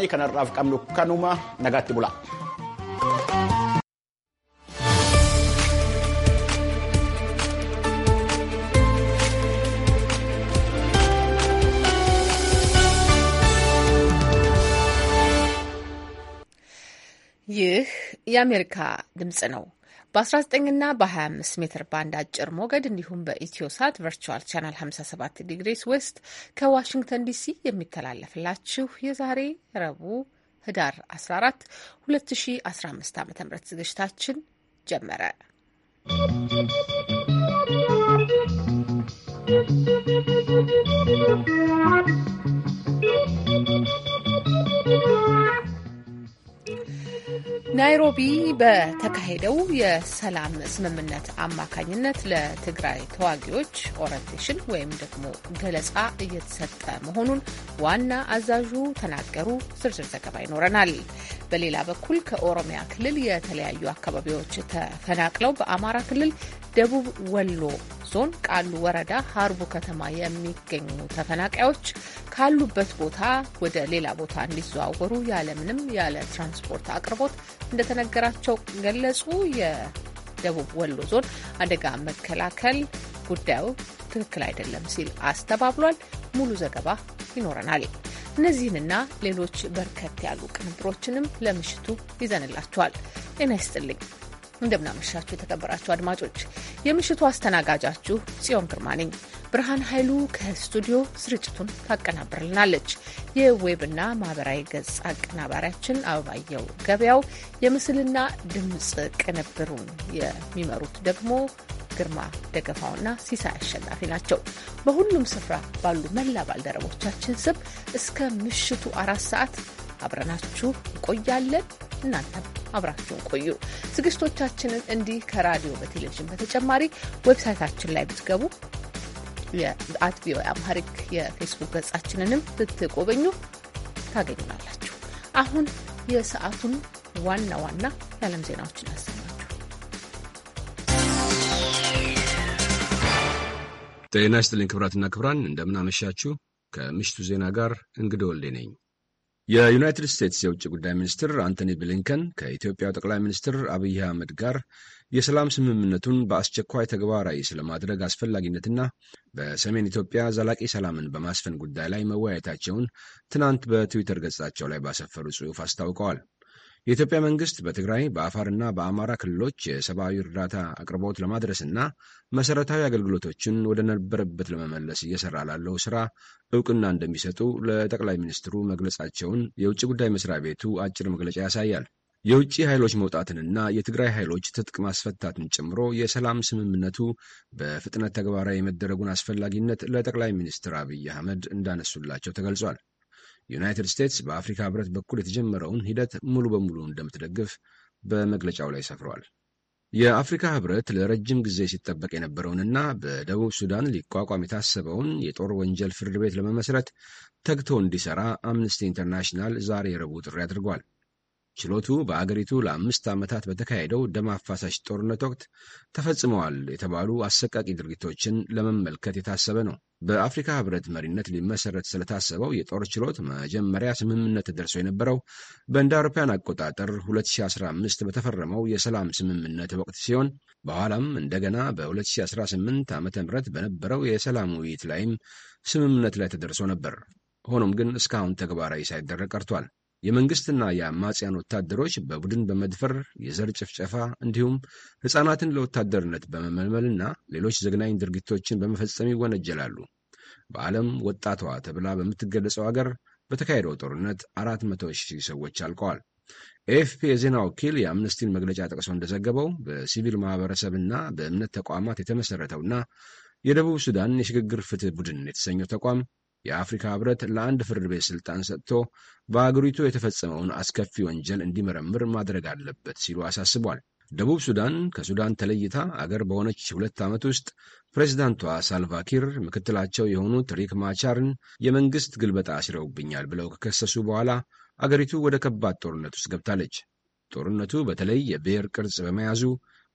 kanarraaf qabnu kanuma nagaatti bula. ይህ የአሜሪካ ነው። በ19ና በ25 ሜትር ባንድ አጭር ሞገድ እንዲሁም በኢትዮ ሳት ቨርቹዋል ቻናል 57 ዲግሪስ ዌስት ከዋሽንግተን ዲሲ የሚተላለፍላችሁ የዛሬ ረቡዕ ህዳር 14 2015 ዓ ም ዝግጅታችን ጀመረ። ¶¶ ናይሮቢ በተካሄደው የሰላም ስምምነት አማካኝነት ለትግራይ ተዋጊዎች ኦሪንቴሽን ወይም ደግሞ ገለጻ እየተሰጠ መሆኑን ዋና አዛዡ ተናገሩ። ዝርዝር ዘገባ ይኖረናል። በሌላ በኩል ከኦሮሚያ ክልል የተለያዩ አካባቢዎች ተፈናቅለው በአማራ ክልል ደቡብ ወሎ ዞን ቃሉ ወረዳ ሀርቡ ከተማ የሚገኙ ተፈናቃዮች ካሉበት ቦታ ወደ ሌላ ቦታ እንዲዘዋወሩ ያለምንም ያለ ትራንስፖርት አቅርቦት እንደተነገራቸው ገለጹ። የደቡብ ወሎ ዞን አደጋ መከላከል ጉዳዩ ትክክል አይደለም ሲል አስተባብሏል። ሙሉ ዘገባ ይኖረናል። እነዚህንና ሌሎች በርከት ያሉ ቅንብሮችንም ለምሽቱ ይዘንላቸዋል። ጤና ይስጥልኝ። እንደምናመሻችሁ የተከበራችሁ አድማጮች፣ የምሽቱ አስተናጋጃችሁ ጽዮን ግርማ ነኝ። ብርሃን ኃይሉ ከስቱዲዮ ስርጭቱን ታቀናብርልናለች። የዌብና ማህበራዊ ገጽ አቀናባሪያችን አበባየው ገበያው፣ የምስልና ድምፅ ቅንብሩን የሚመሩት ደግሞ ግርማ ደገፋውና ሲሳይ አሸናፊ ናቸው። በሁሉም ስፍራ ባሉ መላ ባልደረቦቻችን ስም እስከ ምሽቱ አራት ሰዓት አብረናችሁ እንቆያለን እናንተም አብራችሁን ቆዩ። ዝግጅቶቻችንን እንዲህ ከራዲዮ በቴሌቪዥን በተጨማሪ ዌብሳይታችን ላይ ብትገቡ የአት ቪኦኤ አማሪክ የፌስቡክ ገጻችንንም ብትጎበኙ ታገኙናላችሁ። አሁን የሰዓቱን ዋና ዋና የዓለም ዜናዎችን አሰማል። ጤና ይስጥልኝ ክብራትና ክብራን እንደምናመሻችሁ። ከምሽቱ ዜና ጋር እንግዳ ወልዴ ነኝ። የዩናይትድ ስቴትስ የውጭ ጉዳይ ሚኒስትር አንቶኒ ብሊንከን ከኢትዮጵያው ጠቅላይ ሚኒስትር አብይ አህመድ ጋር የሰላም ስምምነቱን በአስቸኳይ ተግባራዊ ስለማድረግ አስፈላጊነትና በሰሜን ኢትዮጵያ ዘላቂ ሰላምን በማስፈን ጉዳይ ላይ መወያየታቸውን ትናንት በትዊተር ገጻቸው ላይ ባሰፈሩ ጽሑፍ አስታውቀዋል። የኢትዮጵያ መንግስት በትግራይ በአፋርና በአማራ ክልሎች የሰብአዊ እርዳታ አቅርቦት ለማድረስና መሠረታዊ አገልግሎቶችን ወደ ነበረበት ለመመለስ እየሰራ ላለው ስራ እውቅና እንደሚሰጡ ለጠቅላይ ሚኒስትሩ መግለጻቸውን የውጭ ጉዳይ መስሪያ ቤቱ አጭር መግለጫ ያሳያል። የውጭ ኃይሎች መውጣትንና የትግራይ ኃይሎች ትጥቅ ማስፈታትን ጨምሮ የሰላም ስምምነቱ በፍጥነት ተግባራዊ የመደረጉን አስፈላጊነት ለጠቅላይ ሚኒስትር አብይ አህመድ እንዳነሱላቸው ተገልጿል። ዩናይትድ ስቴትስ በአፍሪካ ህብረት በኩል የተጀመረውን ሂደት ሙሉ በሙሉ እንደምትደግፍ በመግለጫው ላይ ሰፍሯል። የአፍሪካ ህብረት ለረጅም ጊዜ ሲጠበቅ የነበረውንና በደቡብ ሱዳን ሊቋቋም የታሰበውን የጦር ወንጀል ፍርድ ቤት ለመመስረት ተግቶ እንዲሰራ አምነስቲ ኢንተርናሽናል ዛሬ ረቡዕ ጥሪ አድርጓል። ችሎቱ በአገሪቱ ለአምስት ዓመታት በተካሄደው ደም አፋሳሽ ጦርነት ወቅት ተፈጽመዋል የተባሉ አሰቃቂ ድርጊቶችን ለመመልከት የታሰበ ነው። በአፍሪካ ሕብረት መሪነት ሊመሰረት ስለታሰበው የጦር ችሎት መጀመሪያ ስምምነት ተደርሶ የነበረው በእንደ አውሮፓውያን አቆጣጠር 2015 በተፈረመው የሰላም ስምምነት ወቅት ሲሆን በኋላም እንደገና በ2018 ዓ ም በነበረው የሰላም ውይይት ላይም ስምምነት ላይ ተደርሶ ነበር። ሆኖም ግን እስካሁን ተግባራዊ ሳይደረግ ቀርቷል። የመንግስትና የአማጽያን ወታደሮች በቡድን በመድፈር የዘር ጭፍጨፋ እንዲሁም ሕፃናትን ለወታደርነት በመመልመልና ሌሎች ዘግናኝ ድርጊቶችን በመፈጸም ይወነጀላሉ። በዓለም ወጣቷ ተብላ በምትገለጸው አገር በተካሄደው ጦርነት አራት መቶ ሺህ ሰዎች አልቀዋል። ኤኤፍፒ የዜና ወኪል የአምነስቲን መግለጫ ጠቅሶ እንደዘገበው በሲቪል ማህበረሰብና በእምነት ተቋማት የተመሠረተውና የደቡብ ሱዳን የሽግግር ፍትህ ቡድን የተሰኘው ተቋም የአፍሪካ ህብረት ለአንድ ፍርድ ቤት ስልጣን ሰጥቶ በአገሪቱ የተፈጸመውን አስከፊ ወንጀል እንዲመረምር ማድረግ አለበት ሲሉ አሳስቧል። ደቡብ ሱዳን ከሱዳን ተለይታ አገር በሆነች ሁለት ዓመት ውስጥ ፕሬዚዳንቷ ሳልቫኪር ምክትላቸው የሆኑት ሪክ ማቻርን የመንግሥት ግልበጣ አስረውብኛል ብለው ከከሰሱ በኋላ አገሪቱ ወደ ከባድ ጦርነት ውስጥ ገብታለች። ጦርነቱ በተለይ የብሔር ቅርጽ በመያዙ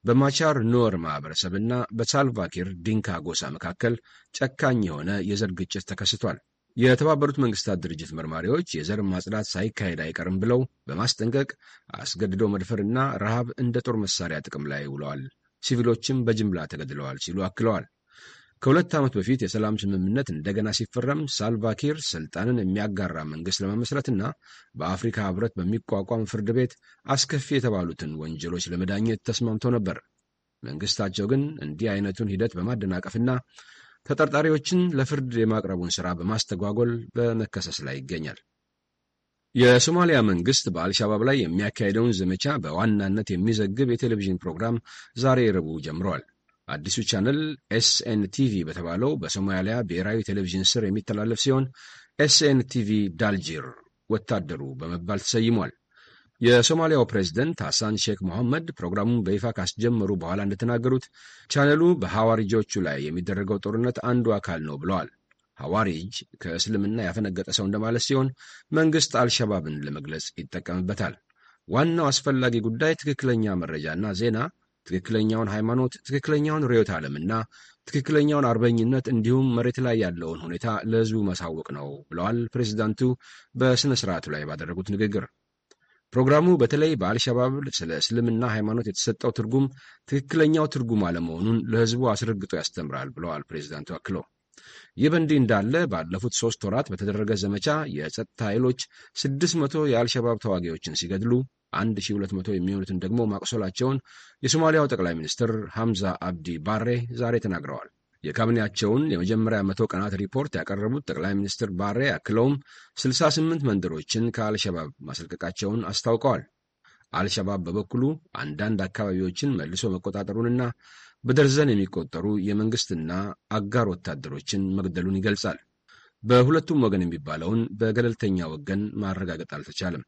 በማቻር ኖር ማኅበረሰብና በሳልቫኪር ዲንካ ጎሳ መካከል ጨካኝ የሆነ የዘር ግጭት ተከስቷል። የተባበሩት መንግስታት ድርጅት መርማሪዎች የዘር ማጽዳት ሳይካሄድ አይቀርም ብለው በማስጠንቀቅ አስገድዶ መድፈርና ረሃብ እንደ ጦር መሳሪያ ጥቅም ላይ ውለዋል፣ ሲቪሎችም በጅምላ ተገድለዋል ሲሉ አክለዋል። ከሁለት ዓመት በፊት የሰላም ስምምነት እንደገና ሲፈረም ሳልቫኪር ስልጣንን የሚያጋራ መንግሥት ለመመስረትና በአፍሪካ ኅብረት በሚቋቋም ፍርድ ቤት አስከፊ የተባሉትን ወንጀሎች ለመዳኘት ተስማምቶ ነበር። መንግሥታቸው ግን እንዲህ አይነቱን ሂደት በማደናቀፍና ተጠርጣሪዎችን ለፍርድ የማቅረቡን ሥራ በማስተጓጎል በመከሰስ ላይ ይገኛል። የሶማሊያ መንግሥት በአልሻባብ ላይ የሚያካሄደውን ዘመቻ በዋናነት የሚዘግብ የቴሌቪዥን ፕሮግራም ዛሬ ረቡዕ ጀምረዋል። አዲሱ ቻነል ኤስኤንቲቪ በተባለው በሶማሊያ ብሔራዊ ቴሌቪዥን ስር የሚተላለፍ ሲሆን ኤስኤን ቲቪ ዳልጂር ወታደሩ በመባል ተሰይሟል። የሶማሊያው ፕሬዝደንት ሐሳን ሼክ መሐመድ ፕሮግራሙን በይፋ ካስጀመሩ በኋላ እንደተናገሩት ቻነሉ በሐዋሪጆቹ ላይ የሚደረገው ጦርነት አንዱ አካል ነው ብለዋል። ሐዋሪጅ ከእስልምና ያፈነገጠ ሰው እንደማለት ሲሆን መንግሥት አልሸባብን ለመግለጽ ይጠቀምበታል። ዋናው አስፈላጊ ጉዳይ ትክክለኛ መረጃና ዜና ትክክለኛውን ሃይማኖት፣ ትክክለኛውን ርዕዮተ ዓለምና ትክክለኛውን አርበኝነት እንዲሁም መሬት ላይ ያለውን ሁኔታ ለህዝቡ ማሳወቅ ነው ብለዋል ፕሬዚዳንቱ በሥነ ሥርዓቱ ላይ ባደረጉት ንግግር። ፕሮግራሙ በተለይ በአልሸባብ ስለ እስልምና ሃይማኖት የተሰጠው ትርጉም ትክክለኛው ትርጉም አለመሆኑን ለህዝቡ አስረግጦ ያስተምራል ብለዋል ፕሬዚዳንቱ አክሎ። ይህ በእንዲህ እንዳለ ባለፉት ሦስት ወራት በተደረገ ዘመቻ የጸጥታ ኃይሎች ስድስት መቶ የአልሸባብ ተዋጊዎችን ሲገድሉ 1200 የሚሆኑትን ደግሞ ማቁሰላቸውን የሶማሊያው ጠቅላይ ሚኒስትር ሐምዛ አብዲ ባሬ ዛሬ ተናግረዋል። የካቢኔያቸውን የመጀመሪያ መቶ ቀናት ሪፖርት ያቀረቡት ጠቅላይ ሚኒስትር ባሬ አክለውም 68 መንደሮችን ከአልሸባብ ማስለቀቃቸውን አስታውቀዋል። አልሸባብ በበኩሉ አንዳንድ አካባቢዎችን መልሶ መቆጣጠሩንና በደርዘን የሚቆጠሩ የመንግሥትና አጋር ወታደሮችን መግደሉን ይገልጻል። በሁለቱም ወገን የሚባለውን በገለልተኛ ወገን ማረጋገጥ አልተቻለም።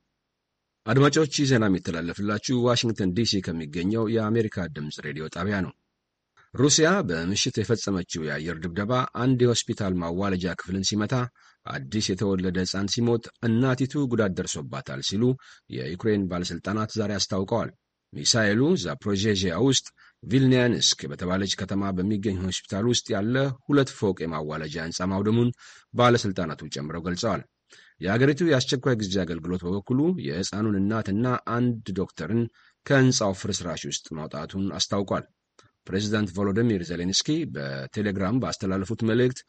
አድማጮች ዜና የሚተላለፍላችሁ ዋሽንግተን ዲሲ ከሚገኘው የአሜሪካ ድምፅ ሬዲዮ ጣቢያ ነው። ሩሲያ በምሽት የፈጸመችው የአየር ድብደባ አንድ የሆስፒታል ማዋለጃ ክፍልን ሲመታ አዲስ የተወለደ ሕፃን ሲሞት እናቲቱ ጉዳት ደርሶባታል ሲሉ የዩክሬን ባለሥልጣናት ዛሬ አስታውቀዋል። ሚሳኤሉ ዛፕሮዤዥያ ውስጥ ቪልኒያንስክ በተባለች ከተማ በሚገኝ ሆስፒታል ውስጥ ያለ ሁለት ፎቅ የማዋለጃ ሕንፃ ማውደሙን ባለሥልጣናቱ ጨምረው ገልጸዋል። የአገሪቱ የአስቸኳይ ጊዜ አገልግሎት በበኩሉ የሕፃኑን እናትና አንድ ዶክተርን ከሕንፃው ፍርስራሽ ውስጥ ማውጣቱን አስታውቋል። ፕሬዚዳንት ቮሎዲሚር ዜሌንስኪ በቴሌግራም ባስተላለፉት መልእክት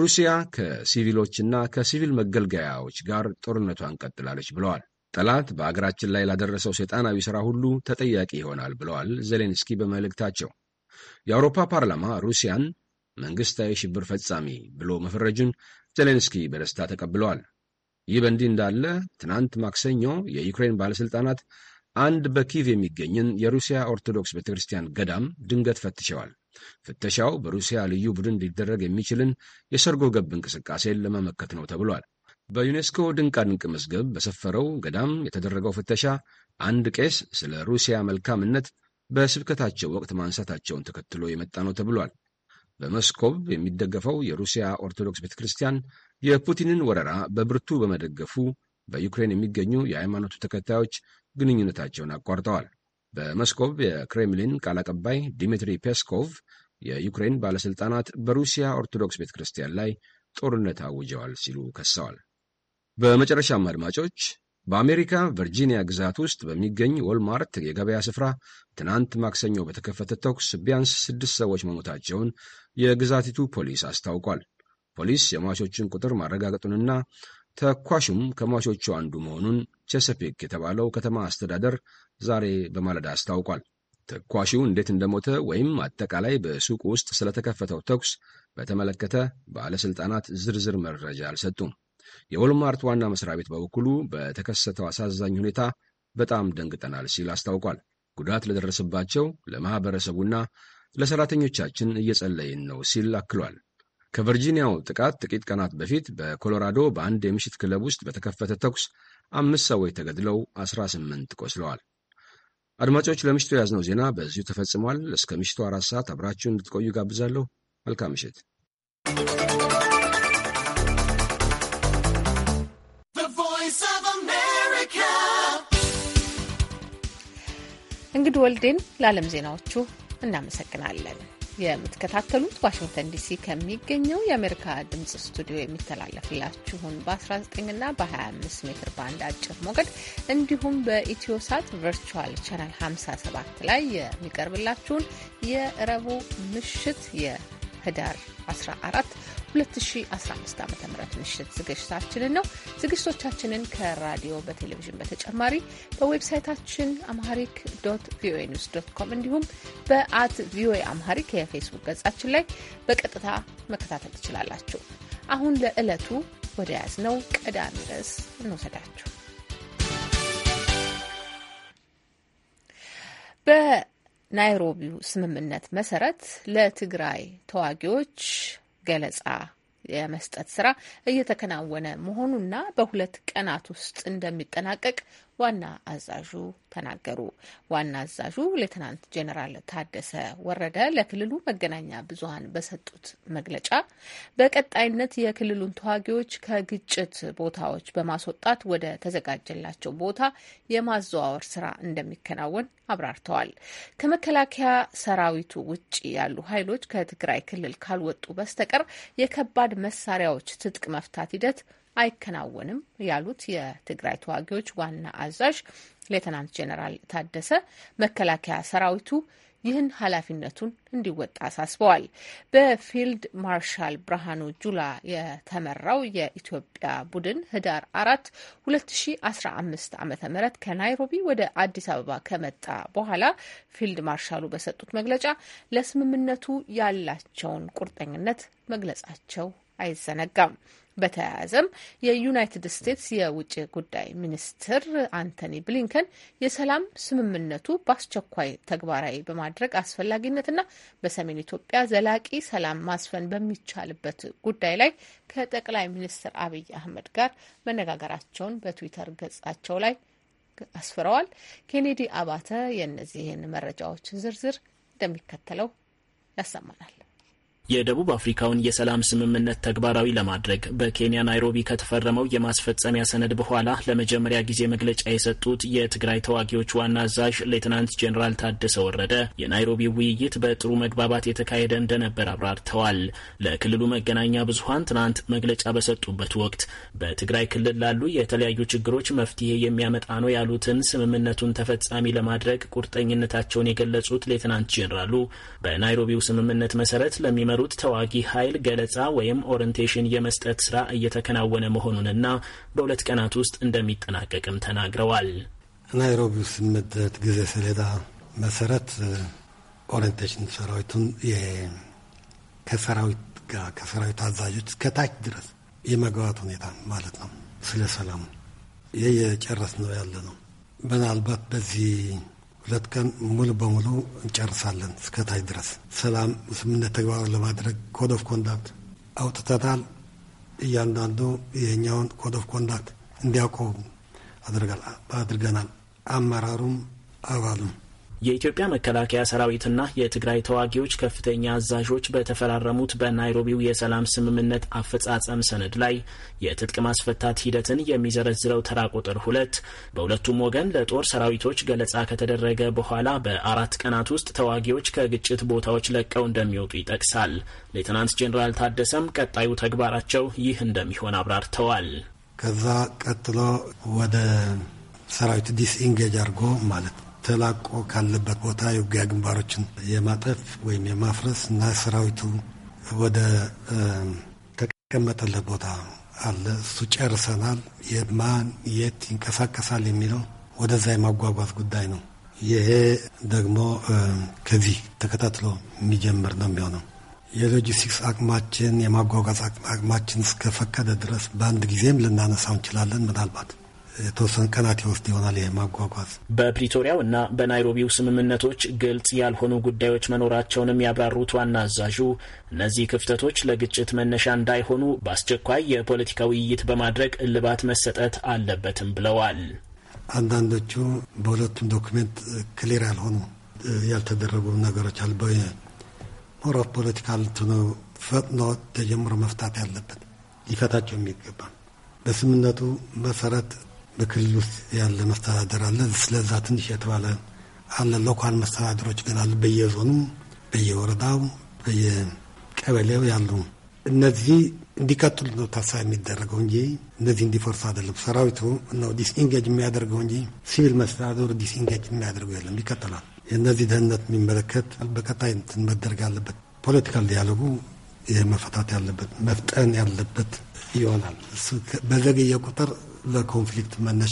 ሩሲያ ከሲቪሎችና ከሲቪል መገልገያዎች ጋር ጦርነቷን ቀጥላለች ብለዋል። ጠላት በአገራችን ላይ ላደረሰው ሰይጣናዊ ሥራ ሁሉ ተጠያቂ ይሆናል ብለዋል ዜሌንስኪ በመልእክታቸው። የአውሮፓ ፓርላማ ሩሲያን መንግሥታዊ ሽብር ፈጻሚ ብሎ መፈረጁን ዜሌንስኪ በደስታ ተቀብለዋል። ይህ በእንዲህ እንዳለ ትናንት ማክሰኞ የዩክሬን ባለሥልጣናት አንድ በኪቭ የሚገኝን የሩሲያ ኦርቶዶክስ ቤተ ክርስቲያን ገዳም ድንገት ፈትሸዋል። ፍተሻው በሩሲያ ልዩ ቡድን ሊደረግ የሚችልን የሰርጎ ገብ እንቅስቃሴን ለመመከት ነው ተብሏል። በዩኔስኮ ድንቃድንቅ መዝገብ በሰፈረው ገዳም የተደረገው ፍተሻ አንድ ቄስ ስለ ሩሲያ መልካምነት በስብከታቸው ወቅት ማንሳታቸውን ተከትሎ የመጣ ነው ተብሏል። በመስኮብ የሚደገፈው የሩሲያ ኦርቶዶክስ ቤተ ክርስቲያን የፑቲንን ወረራ በብርቱ በመደገፉ በዩክሬን የሚገኙ የሃይማኖቱ ተከታዮች ግንኙነታቸውን አቋርጠዋል። በመስኮቭ የክሬምሊን ቃል አቀባይ ዲሚትሪ ፔስኮቭ የዩክሬን ባለሥልጣናት በሩሲያ ኦርቶዶክስ ቤተ ክርስቲያን ላይ ጦርነት አውጀዋል ሲሉ ከሰዋል። በመጨረሻም አድማጮች በአሜሪካ ቨርጂኒያ ግዛት ውስጥ በሚገኝ ወልማርት የገበያ ስፍራ ትናንት ማክሰኞ በተከፈተ ተኩስ ቢያንስ ስድስት ሰዎች መሞታቸውን የግዛቲቱ ፖሊስ አስታውቋል። ፖሊስ የሟቾችን ቁጥር ማረጋገጡንና ተኳሹም ከሟቾቹ አንዱ መሆኑን ቼሰፔክ የተባለው ከተማ አስተዳደር ዛሬ በማለዳ አስታውቋል። ተኳሹ እንዴት እንደሞተ ወይም አጠቃላይ በሱቅ ውስጥ ስለተከፈተው ተኩስ በተመለከተ ባለሥልጣናት ዝርዝር መረጃ አልሰጡም። የወልማርት ዋና መስሪያ ቤት በበኩሉ በተከሰተው አሳዛኝ ሁኔታ በጣም ደንግጠናል ሲል አስታውቋል። ጉዳት ለደረሰባቸው ለማኅበረሰቡና ለሠራተኞቻችን እየጸለይን ነው ሲል አክሏል። ከቨርጂኒያው ጥቃት ጥቂት ቀናት በፊት በኮሎራዶ በአንድ የምሽት ክለብ ውስጥ በተከፈተ ተኩስ አምስት ሰዎች ተገድለው 18 ቆስለዋል። አድማጮች፣ ለምሽቱ የያዝነው ዜና በዚሁ ተፈጽሟል። እስከ ምሽቱ አራት ሰዓት አብራችሁ እንድትቆዩ ጋብዛለሁ። መልካም ምሽት። እንግዲህ ወልዴን ለዓለም ዜናዎቹ እናመሰግናለን። የምትከታተሉት ዋሽንግተን ዲሲ ከሚገኘው የአሜሪካ ድምጽ ስቱዲዮ የሚተላለፍላችሁን በ19 ና በ25 ሜትር ባንድ አጭር ሞገድ እንዲሁም በኢትዮሳት ቨርቹዋል ቻናል 57 ላይ የሚቀርብላችሁን የረቡዕ ምሽት የህዳር 14 2015 ዓ ም ምሽት ዝግጅታችንን ነው። ዝግጅቶቻችንን ከራዲዮ በቴሌቪዥን በተጨማሪ በዌብሳይታችን አምሃሪክ ዶት ቪኦኤ ኒውስ ዶት ኮም እንዲሁም በአት ቪኦኤ አምሃሪክ የፌስቡክ ገጻችን ላይ በቀጥታ መከታተል ትችላላችሁ። አሁን ለዕለቱ ወደ ያዝነው ቀዳሚ ርዕስ እንወሰዳችሁ። በናይሮቢው ስምምነት መሰረት ለትግራይ ተዋጊዎች ገለጻ የመስጠት ስራ እየተከናወነ መሆኑና በሁለት ቀናት ውስጥ እንደሚጠናቀቅ ዋና አዛዡ ተናገሩ። ዋና አዛዡ ሌትናንት ጀነራል ታደሰ ወረደ ለክልሉ መገናኛ ብዙኃን በሰጡት መግለጫ በቀጣይነት የክልሉን ተዋጊዎች ከግጭት ቦታዎች በማስወጣት ወደ ተዘጋጀላቸው ቦታ የማዘዋወር ስራ እንደሚከናወን አብራርተዋል። ከመከላከያ ሰራዊቱ ውጭ ያሉ ኃይሎች ከትግራይ ክልል ካልወጡ በስተቀር የከባድ መሳሪያዎች ትጥቅ መፍታት ሂደት አይከናወንም ያሉት የትግራይ ተዋጊዎች ዋና አዛዥ ሌተናንት ጄኔራል ታደሰ መከላከያ ሰራዊቱ ይህን ኃላፊነቱን እንዲወጣ አሳስበዋል። በፊልድ ማርሻል ብርሃኑ ጁላ የተመራው የኢትዮጵያ ቡድን ህዳር አራት ሁለት ሺ አስራ አምስት ዓመተ ምህረት ከናይሮቢ ወደ አዲስ አበባ ከመጣ በኋላ ፊልድ ማርሻሉ በሰጡት መግለጫ ለስምምነቱ ያላቸውን ቁርጠኝነት መግለጻቸው አይዘነጋም። በተያያዘም የዩናይትድ ስቴትስ የውጭ ጉዳይ ሚኒስትር አንቶኒ ብሊንከን የሰላም ስምምነቱ በአስቸኳይ ተግባራዊ በማድረግ አስፈላጊነትና በሰሜን ኢትዮጵያ ዘላቂ ሰላም ማስፈን በሚቻልበት ጉዳይ ላይ ከጠቅላይ ሚኒስትር አብይ አህመድ ጋር መነጋገራቸውን በትዊተር ገጻቸው ላይ አስፍረዋል። ኬኔዲ አባተ የእነዚህን መረጃዎች ዝርዝር እንደሚከተለው ያሰማናል። የደቡብ አፍሪካውን የሰላም ስምምነት ተግባራዊ ለማድረግ በኬንያ ናይሮቢ ከተፈረመው የማስፈጸሚያ ሰነድ በኋላ ለመጀመሪያ ጊዜ መግለጫ የሰጡት የትግራይ ተዋጊዎች ዋና አዛዥ ሌትናንት ጄኔራል ታደሰ ወረደ የናይሮቢ ውይይት በጥሩ መግባባት የተካሄደ እንደነበር አብራርተዋል። ለክልሉ መገናኛ ብዙኃን ትናንት መግለጫ በሰጡበት ወቅት በትግራይ ክልል ላሉ የተለያዩ ችግሮች መፍትሄ የሚያመጣ ነው ያሉትን ስምምነቱን ተፈጻሚ ለማድረግ ቁርጠኝነታቸውን የገለጹት ሌትናንት ጄኔራሉ በናይሮቢው ስምምነት መሰረት ለሚመ የሚመሩት ተዋጊ ኃይል ገለጻ ወይም ኦሪንቴሽን የመስጠት ስራ እየተከናወነ መሆኑንና በሁለት ቀናት ውስጥ እንደሚጠናቀቅም ተናግረዋል። ናይሮቢ ስምምነት ጊዜ ሰሌዳ መሰረት ኦሪንቴሽን ሰራዊቱን ከሰራዊት ጋር ከሰራዊት አዛዦች ከታች ድረስ የመግባት ሁኔታ ማለት ነው። ስለ ሰላም ይህ የጨረስ ነው ያለ ነው። ምናልባት በዚህ ሁለት ቀን ሙሉ በሙሉ እንጨርሳለን። እስከታች ድረስ ሰላም ስምምነት ተግባራዊ ለማድረግ ኮድ ኦፍ ኮንዳክት አውጥተታል። እያንዳንዱ ይህኛውን ኮድ ኦፍ ኮንዳክት እንዲያውቀው አድርገናል። አመራሩም አባሉም የኢትዮጵያ መከላከያ ሰራዊትና የትግራይ ተዋጊዎች ከፍተኛ አዛዦች በተፈራረሙት በናይሮቢው የሰላም ስምምነት አፈጻጸም ሰነድ ላይ የትጥቅ ማስፈታት ሂደትን የሚዘረዝረው ተራ ቁጥር ሁለት በሁለቱም ወገን ለጦር ሰራዊቶች ገለጻ ከተደረገ በኋላ በአራት ቀናት ውስጥ ተዋጊዎች ከግጭት ቦታዎች ለቀው እንደሚወጡ ይጠቅሳል። ሌትናንት ጄኔራል ታደሰም ቀጣዩ ተግባራቸው ይህ እንደሚሆን አብራርተዋል። ከዛ ቀጥሎ ወደ ሰራዊቱ ዲስኢንጌጅ አድርጎ ማለት ነው ተላቆ ካለበት ቦታ የውጊያ ግንባሮችን የማጠፍ ወይም የማፍረስ እና ሰራዊቱ ወደ ተቀመጠለት ቦታ አለ እሱ ጨርሰናል። የማን የት ይንቀሳቀሳል የሚለው ወደዛ የማጓጓዝ ጉዳይ ነው። ይሄ ደግሞ ከዚህ ተከታትሎ የሚጀምር ነው የሚሆነው። የሎጂስቲክስ አቅማችን የማጓጓዝ አቅማችን እስከፈቀደ ድረስ በአንድ ጊዜም ልናነሳው እንችላለን ምናልባት የተወሰኑ ቀናት ውስጥ ይሆናል የማጓጓዝ በፕሪቶሪያው እና በናይሮቢው ስምምነቶች ግልጽ ያልሆኑ ጉዳዮች መኖራቸውንም ያብራሩት ዋና አዛዡ እነዚህ ክፍተቶች ለግጭት መነሻ እንዳይሆኑ በአስቸኳይ የፖለቲካ ውይይት በማድረግ እልባት መሰጠት አለበትም ብለዋል። አንዳንዶቹ በሁለቱም ዶክሜንት ክሊር ያልሆኑ ያልተደረጉ ነገሮች አሉ። በሞራፍ ፖለቲካ ልትኖ ፈጥኖ ተጀምሮ መፍታት ያለበት ሊፈታቸው የሚገባ በስምምነቱ መሰረት በክልል ውስጥ ያለ መስተዳደር አለ። ስለዛ ትንሽ የተባለ አለ። ሎካል መስተዳደሮች ግን አሉ፣ በየዞኑ፣ በየወረዳው፣ በየቀበሌው ያሉ እነዚህ እንዲቀጥሉ ነው ታሳ የሚደረገው እንጂ እነዚህ እንዲፈርሱ አይደለም። ሰራዊቱ ነው ዲስኢንጌጅ የሚያደርገው እንጂ ሲቪል መስተዳደሩ ዲስኢንጌጅ የሚያደርገው የለም፣ ይቀጥላል። የእነዚህ ደህንነት የሚመለከት በቀጣይ መደረግ ያለበት ፖለቲካል ዲያሎጉ መፈታት ያለበት መፍጠን ያለበት ይሆናል። በዘገየ ቁጥር ለኮንፍሊክት መነሻ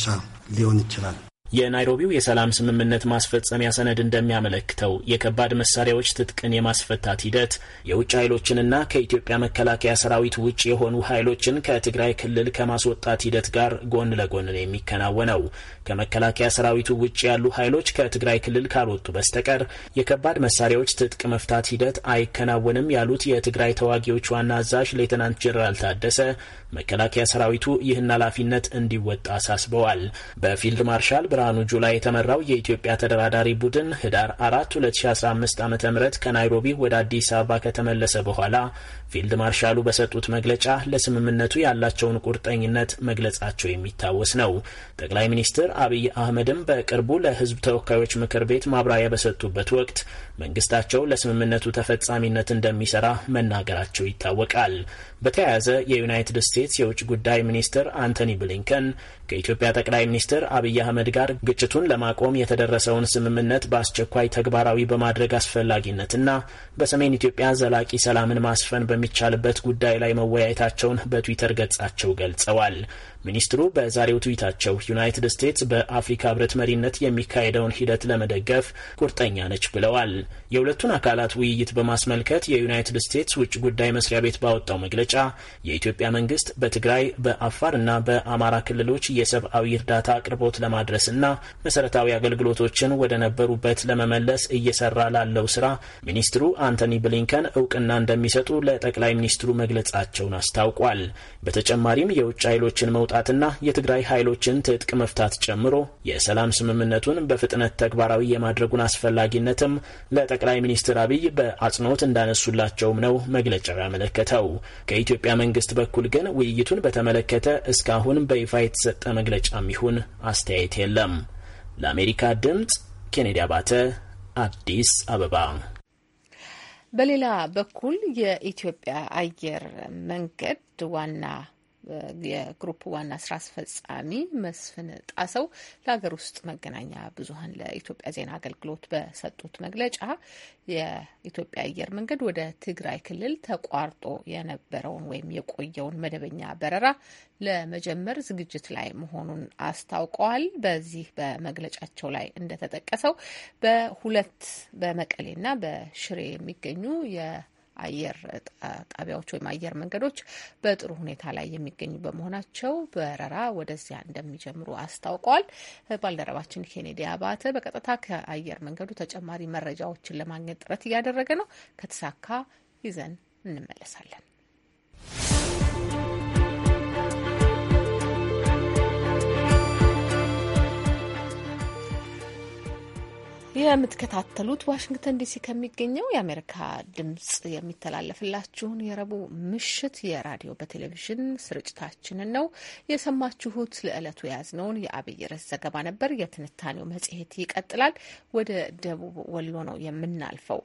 ሊሆን ይችላል። የናይሮቢው የሰላም ስምምነት ማስፈጸሚያ ሰነድ እንደሚያመለክተው የከባድ መሳሪያዎች ትጥቅን የማስፈታት ሂደት የውጭ ኃይሎችንና ከኢትዮጵያ መከላከያ ሰራዊት ውጭ የሆኑ ኃይሎችን ከትግራይ ክልል ከማስወጣት ሂደት ጋር ጎን ለጎን ነው የሚከናወነው። ከመከላከያ ሰራዊቱ ውጭ ያሉ ኃይሎች ከትግራይ ክልል ካልወጡ በስተቀር የከባድ መሳሪያዎች ትጥቅ መፍታት ሂደት አይከናወንም ያሉት የትግራይ ተዋጊዎች ዋና አዛዥ ሌተናንት ጄኔራል ታደሰ መከላከያ ሰራዊቱ ይህን ኃላፊነት እንዲወጣ አሳስበዋል። በፊልድ ማርሻል ብርሃኑ ጁላ የተመራው የኢትዮጵያ ተደራዳሪ ቡድን ህዳር አራት 2015 ዓ ም ከናይሮቢ ወደ አዲስ አበባ ከተመለሰ በኋላ ፊልድ ማርሻሉ በሰጡት መግለጫ ለስምምነቱ ያላቸውን ቁርጠኝነት መግለጻቸው የሚታወስ ነው። ጠቅላይ ሚኒስትር አብይ አህመድም በቅርቡ ለሕዝብ ተወካዮች ምክር ቤት ማብራሪያ በሰጡበት ወቅት መንግስታቸው ለስምምነቱ ተፈጻሚነት እንደሚሰራ መናገራቸው ይታወቃል። በተያያዘ የዩናይትድ ስቴትስ የውጭ ጉዳይ ሚኒስትር አንቶኒ ብሊንከን ከኢትዮጵያ ጠቅላይ ሚኒስትር አብይ አህመድ ጋር ግጭቱን ለማቆም የተደረሰውን ስምምነት በአስቸኳይ ተግባራዊ በማድረግ አስፈላጊነትና በሰሜን ኢትዮጵያ ዘላቂ ሰላምን ማስፈን በሚ በሚቻልበት ጉዳይ ላይ መወያየታቸውን በትዊተር ገጻቸው ገልጸዋል። ሚኒስትሩ በዛሬው ትዊታቸው ዩናይትድ ስቴትስ በአፍሪካ ህብረት መሪነት የሚካሄደውን ሂደት ለመደገፍ ቁርጠኛ ነች ብለዋል። የሁለቱን አካላት ውይይት በማስመልከት የዩናይትድ ስቴትስ ውጭ ጉዳይ መስሪያ ቤት ባወጣው መግለጫ የኢትዮጵያ መንግስት በትግራይ በአፋርና በአማራ ክልሎች የሰብአዊ እርዳታ አቅርቦት ለማድረስ ና መሰረታዊ አገልግሎቶችን ወደ ነበሩበት ለመመለስ እየሰራ ላለው ስራ ሚኒስትሩ አንቶኒ ብሊንከን እውቅና እንደሚሰጡ ለጠቅላይ ሚኒስትሩ መግለጻቸውን አስታውቋል። በተጨማሪም የውጭ ኃይሎችን መውጣት ማጥፋትና የትግራይ ኃይሎችን ትጥቅ መፍታት ጨምሮ የሰላም ስምምነቱን በፍጥነት ተግባራዊ የማድረጉን አስፈላጊነትም ለጠቅላይ ሚኒስትር አብይ በአጽንኦት እንዳነሱላቸውም ነው መግለጫው ያመለከተው። ከኢትዮጵያ መንግስት በኩል ግን ውይይቱን በተመለከተ እስካሁን በይፋ የተሰጠ መግለጫም ይሁን አስተያየት የለም። ለአሜሪካ ድምጽ ኬኔዲ አባተ አዲስ አበባ። በሌላ በኩል የኢትዮጵያ አየር መንገድ ዋና የግሩፕ ዋና ስራ አስፈጻሚ መስፍን ጣሰው ለሀገር ውስጥ መገናኛ ብዙኃን ለኢትዮጵያ ዜና አገልግሎት በሰጡት መግለጫ የኢትዮጵያ አየር መንገድ ወደ ትግራይ ክልል ተቋርጦ የነበረውን ወይም የቆየውን መደበኛ በረራ ለመጀመር ዝግጅት ላይ መሆኑን አስታውቀዋል። በዚህ በመግለጫቸው ላይ እንደተጠቀሰው በሁለት በመቀሌና በሽሬ የሚገኙ አየር ጣቢያዎች ወይም አየር መንገዶች በጥሩ ሁኔታ ላይ የሚገኙ በመሆናቸው በረራ ወደዚያ እንደሚጀምሩ አስታውቀዋል። ባልደረባችን ኬኔዲ አባተ በቀጥታ ከአየር መንገዱ ተጨማሪ መረጃዎችን ለማግኘት ጥረት እያደረገ ነው። ከተሳካ ይዘን እንመለሳለን። የምትከታተሉት ዋሽንግተን ዲሲ ከሚገኘው የአሜሪካ ድምጽ የሚተላለፍላችሁን የረቡዕ ምሽት የራዲዮ በቴሌቪዥን ስርጭታችንን ነው የሰማችሁት። ለዕለቱ የያዝነውን የአብይ ርዕስ ዘገባ ነበር። የትንታኔው መጽሔት ይቀጥላል። ወደ ደቡብ ወሎ ነው የምናልፈው።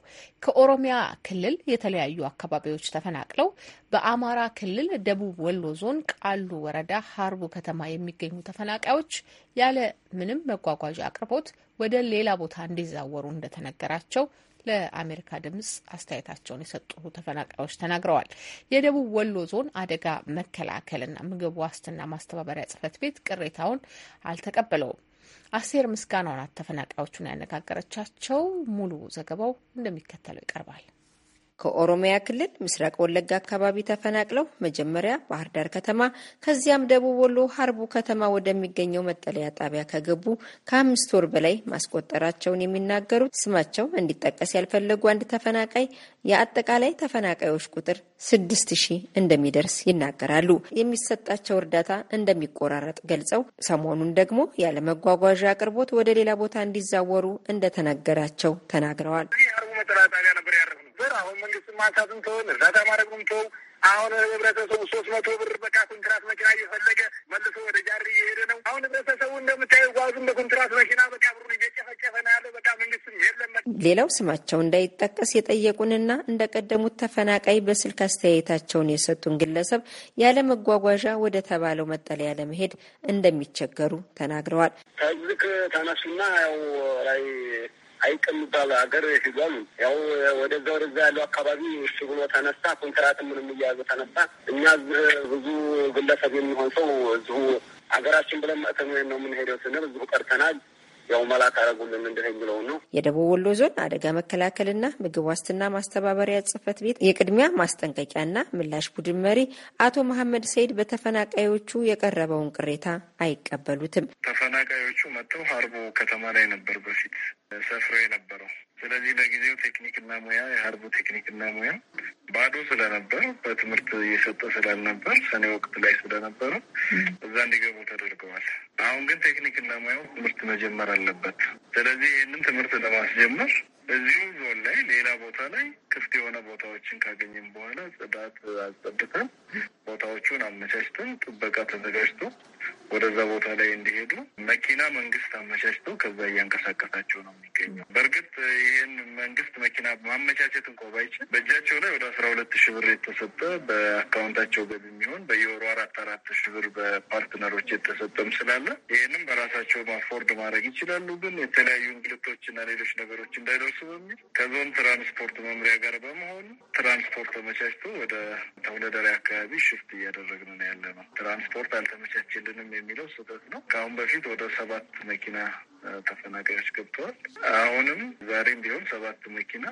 ከኦሮሚያ ክልል የተለያዩ አካባቢዎች ተፈናቅለው በአማራ ክልል ደቡብ ወሎ ዞን ቃሉ ወረዳ ሀርቡ ከተማ የሚገኙ ተፈናቃዮች ያለ ምንም መጓጓዣ አቅርቦት ወደ ሌላ ቦታ እንዲዛወሩ እንደተነገራቸው ለአሜሪካ ድምጽ አስተያየታቸውን የሰጡ ተፈናቃዮች ተናግረዋል። የደቡብ ወሎ ዞን አደጋ መከላከልና ምግብ ዋስትና ማስተባበሪያ ጽፈት ቤት ቅሬታውን አልተቀበለውም። አሴር ምስጋናው ናት ተፈናቃዮቹን ያነጋገረቻቸው። ሙሉ ዘገባው እንደሚከተለው ይቀርባል። ከኦሮሚያ ክልል ምስራቅ ወለጋ አካባቢ ተፈናቅለው መጀመሪያ ባህር ዳር ከተማ ከዚያም ደቡብ ወሎ ሀርቡ ከተማ ወደሚገኘው መጠለያ ጣቢያ ከገቡ ከአምስት ወር በላይ ማስቆጠራቸውን የሚናገሩት ስማቸው እንዲጠቀስ ያልፈለጉ አንድ ተፈናቃይ የአጠቃላይ ተፈናቃዮች ቁጥር ስድስት ሺህ እንደሚደርስ ይናገራሉ። የሚሰጣቸው እርዳታ እንደሚቆራረጥ ገልጸው ሰሞኑን ደግሞ ያለመጓጓዣ አቅርቦት ወደ ሌላ ቦታ እንዲዛወሩ እንደተነገራቸው ተናግረዋል። ነበር ነበር። አሁን መንግስትን ማንሳትም ተው፣ እርዳታ ማድረግም ተው። አሁን ህብረተሰቡ ሶስት መቶ ብር በቃ ኮንትራት መኪና እየፈለገ መልሶ ወደ ጃሪ እየሄደ ነው። አሁን ህብረተሰቡ እንደምታየ ጓዙም በኮንትራት መኪና በቃ ብሩን እየጨፈጨፈ ነው ያለው። በቃ መንግስትም የለም። ሌላው ስማቸው እንዳይጠቀስ የጠየቁንና እንደ ቀደሙት ተፈናቃይ በስልክ አስተያየታቸውን የሰጡን ግለሰብ ያለ መጓጓዣ ወደ ተባለው መጠለያ ለመሄድ እንደሚቸገሩ ተናግረዋል። ከዚህ ተነሱና ያው ላይ ሀይቅ የሚባል ሀገር ሂዷል። ያው ወደዛ ወደዛ ያለው አካባቢ እሱ ብሎ ተነሳ። ኮንትራት ምንም እያያዘ ተነሳ። እኛ ብዙ ግለሰብ የሚሆን ሰው እዚሁ ሀገራችን ብለን መጥተን ነው የምንሄደው ስንል እዚሁ ቀርተናል። ያው መላክ አረጉልን እንደ የሚለው ነው። የደቡብ ወሎ ዞን አደጋ መከላከልና ምግብ ዋስትና ማስተባበሪያ ጽህፈት ቤት የቅድሚያ ማስጠንቀቂያና ምላሽ ቡድን መሪ አቶ መሐመድ ሰይድ በተፈናቃዮቹ የቀረበውን ቅሬታ አይቀበሉትም። ተፈናቃዮቹ መጥተው ሀርቦ ከተማ ላይ ነበር በፊት ሰፍሮ የነበረው። ስለዚህ ለጊዜው ቴክኒክና ሙያ የሀርቦ ቴክኒክና ሙያ ባዶ ስለነበር በትምህርት እየሰጠ ስላልነበር ሰኔ ወቅት ላይ ስለነበረ እዛ እንዲገቡ ተደርገዋል። አሁን ግን ቴክኒክና ሙያው ትምህርት መጀመር አለበት። ስለዚህ ይህንን ትምህርት ለማስጀመር እዚሁ ዞን ላይ ሌላ ቦታ ላይ ክፍት የሆነ ቦታዎችን ካገኘም በኋላ ጽዳት አስጠብቀን ቦታዎቹን አመቻችተን ጥበቃ ተዘጋጅቶ ወደዛ ቦታ ላይ እንዲሄዱ መኪና መንግስት አመቻችቶ ከዛ እያንቀሳቀሳቸው ነው የሚገኘው። በእርግጥ ይህን መንግስት መኪና ማመቻቸት እንኳ ባይችል በእጃቸው ላይ ወደ አስራ ሁለት ሺ ብር የተሰጠ በአካውንታቸው ገቢ የሚሆን በየወሩ አራት አራት ሺ ብር በፓርትነሮች የተሰጠም ስላለ ይህንም በራሳቸው ማፎርድ ማድረግ ይችላሉ። ግን የተለያዩ እንግልቶች እና ሌሎች ነገሮች እንዳይደርሱ በሚል ከዞን ትራንስፖርት መምሪያ ጋር በመሆኑ ትራንስፖርት ተመቻችቶ ወደ ተውለደሪ አካባቢ ሽፍት እያደረግን ነው ያለ ነው። ትራንስፖርት አልተመቻችልንም የሚለው ስህተት ነው። ከአሁን በፊት ወደ ሰባት መኪና ተፈናቃዮች ገብተዋል። አሁንም ዛሬም ቢሆን ሰባት መኪና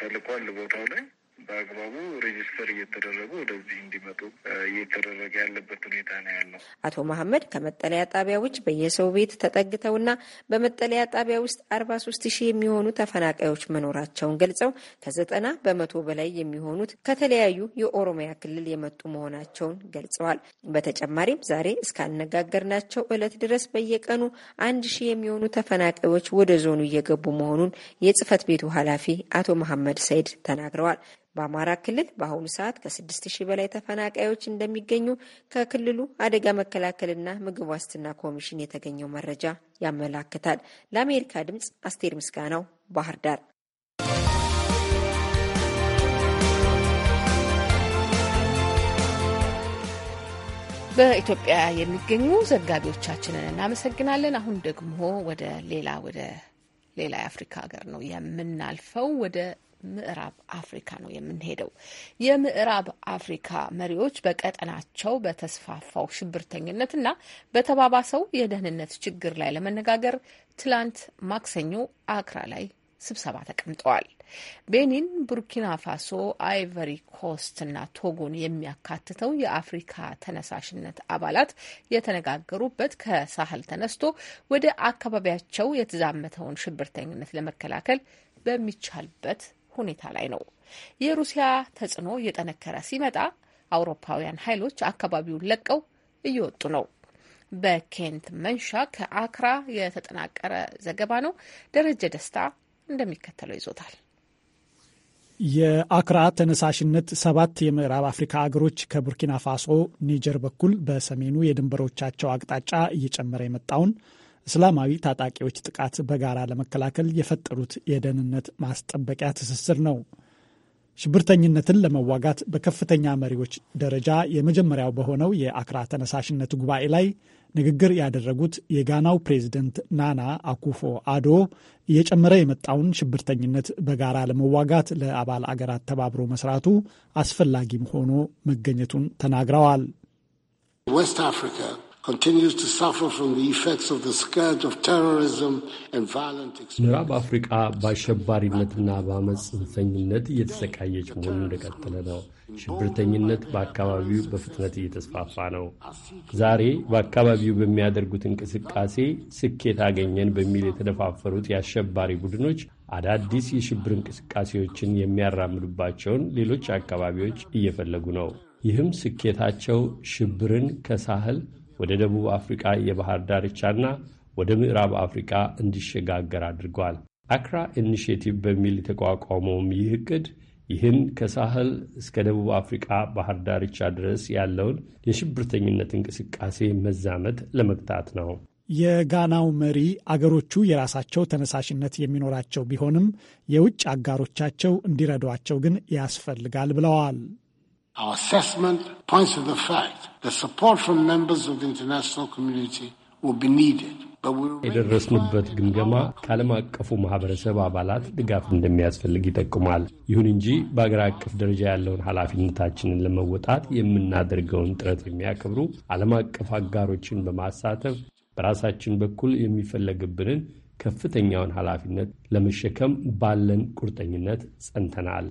ተልቋል ቦታው ላይ በአግባቡ ሬጅስተር እየተደረጉ ወደዚህ እንዲመጡ እየተደረገ ያለበት ሁኔታ ነው ያለው። አቶ መሐመድ ከመጠለያ ጣቢያዎች በየሰው ቤት ተጠግተውና በመጠለያ ጣቢያ ውስጥ አርባ ሶስት ሺህ የሚሆኑ ተፈናቃዮች መኖራቸውን ገልጸው ከዘጠና በመቶ በላይ የሚሆኑት ከተለያዩ የኦሮሚያ ክልል የመጡ መሆናቸውን ገልጸዋል። በተጨማሪም ዛሬ እስካነጋገርናቸው እለት ድረስ በየቀኑ አንድ ሺህ የሚሆኑ ተፈናቃዮች ወደ ዞኑ እየገቡ መሆኑን የጽህፈት ቤቱ ኃላፊ አቶ መሐመድ ሰይድ ተናግረዋል። በአማራ ክልል በአሁኑ ሰዓት ከስድስት ሺህ በላይ ተፈናቃዮች እንደሚገኙ ከክልሉ አደጋ መከላከልና ምግብ ዋስትና ኮሚሽን የተገኘው መረጃ ያመላክታል። ለአሜሪካ ድምፅ አስቴር ምስጋናው ባህር ዳር። በኢትዮጵያ የሚገኙ ዘጋቢዎቻችንን እናመሰግናለን። አሁን ደግሞ ወደ ሌላ ወደ ሌላ የአፍሪካ ሀገር ነው የምናልፈው ወደ ምዕራብ አፍሪካ ነው የምንሄደው። የምዕራብ አፍሪካ መሪዎች በቀጠናቸው በተስፋፋው ሽብርተኝነትና በተባባሰው የደህንነት ችግር ላይ ለመነጋገር ትላንት ማክሰኞ አክራ ላይ ስብሰባ ተቀምጠዋል። ቤኒን፣ ቡርኪና ፋሶ፣ አይቨሪ እና ቶጎን የሚያካትተው የአፍሪካ ተነሳሽነት አባላት የተነጋገሩበት ከሳህል ተነስቶ ወደ አካባቢያቸው የተዛመተውን ሽብርተኝነት ለመከላከል በሚቻልበት ሁኔታ ላይ ነው። የሩሲያ ተጽዕኖ እየጠነከረ ሲመጣ አውሮፓውያን ኃይሎች አካባቢውን ለቀው እየወጡ ነው። በኬንት መንሻ ከአክራ የተጠናቀረ ዘገባ ነው። ደረጀ ደስታ እንደሚከተለው ይዞታል። የአክራ ተነሳሽነት ሰባት የምዕራብ አፍሪካ አገሮች ከቡርኪና ፋሶ፣ ኒጀር በኩል በሰሜኑ የድንበሮቻቸው አቅጣጫ እየጨመረ የመጣውን እስላማዊ ታጣቂዎች ጥቃት በጋራ ለመከላከል የፈጠሩት የደህንነት ማስጠበቂያ ትስስር ነው። ሽብርተኝነትን ለመዋጋት በከፍተኛ መሪዎች ደረጃ የመጀመሪያው በሆነው የአክራ ተነሳሽነት ጉባኤ ላይ ንግግር ያደረጉት የጋናው ፕሬዝደንት ናና አኩፎ አዶ እየጨመረ የመጣውን ሽብርተኝነት በጋራ ለመዋጋት ለአባል አገራት ተባብሮ መስራቱ አስፈላጊም ሆኖ መገኘቱን ተናግረዋል። ዌስት አፍሪካ of ምዕራብ አፍሪቃ በአሸባሪነትና በአመፅ ጽንፈኝነት እየተሰቃየች መሆኑ እንደቀጠለ ነው። ሽብርተኝነት በአካባቢው በፍጥነት እየተስፋፋ ነው። ዛሬ በአካባቢው በሚያደርጉት እንቅስቃሴ ስኬት አገኘን በሚል የተደፋፈሩት የአሸባሪ ቡድኖች አዳዲስ የሽብር እንቅስቃሴዎችን የሚያራምዱባቸውን ሌሎች አካባቢዎች እየፈለጉ ነው። ይህም ስኬታቸው ሽብርን ከሳህል ወደ ደቡብ አፍሪቃ የባህር ዳርቻና ወደ ምዕራብ አፍሪቃ እንዲሸጋገር አድርጓል። አክራ ኢኒሽቲቭ በሚል የተቋቋመውም ይህ እቅድ ይህን ከሳህል እስከ ደቡብ አፍሪቃ ባህር ዳርቻ ድረስ ያለውን የሽብርተኝነት እንቅስቃሴ መዛመት ለመግታት ነው። የጋናው መሪ አገሮቹ የራሳቸው ተነሳሽነት የሚኖራቸው ቢሆንም የውጭ አጋሮቻቸው እንዲረዷቸው ግን ያስፈልጋል ብለዋል። Our assessment points to the fact that support from members of the international community will be needed. የደረስንበት ግምገማ ከዓለም አቀፉ ማህበረሰብ አባላት ድጋፍ እንደሚያስፈልግ ይጠቁማል። ይሁን እንጂ በአገር አቀፍ ደረጃ ያለውን ኃላፊነታችንን ለመወጣት የምናደርገውን ጥረት የሚያከብሩ ዓለም አቀፍ አጋሮችን በማሳተፍ በራሳችን በኩል የሚፈለግብንን ከፍተኛውን ኃላፊነት ለመሸከም ባለን ቁርጠኝነት ጸንተናል።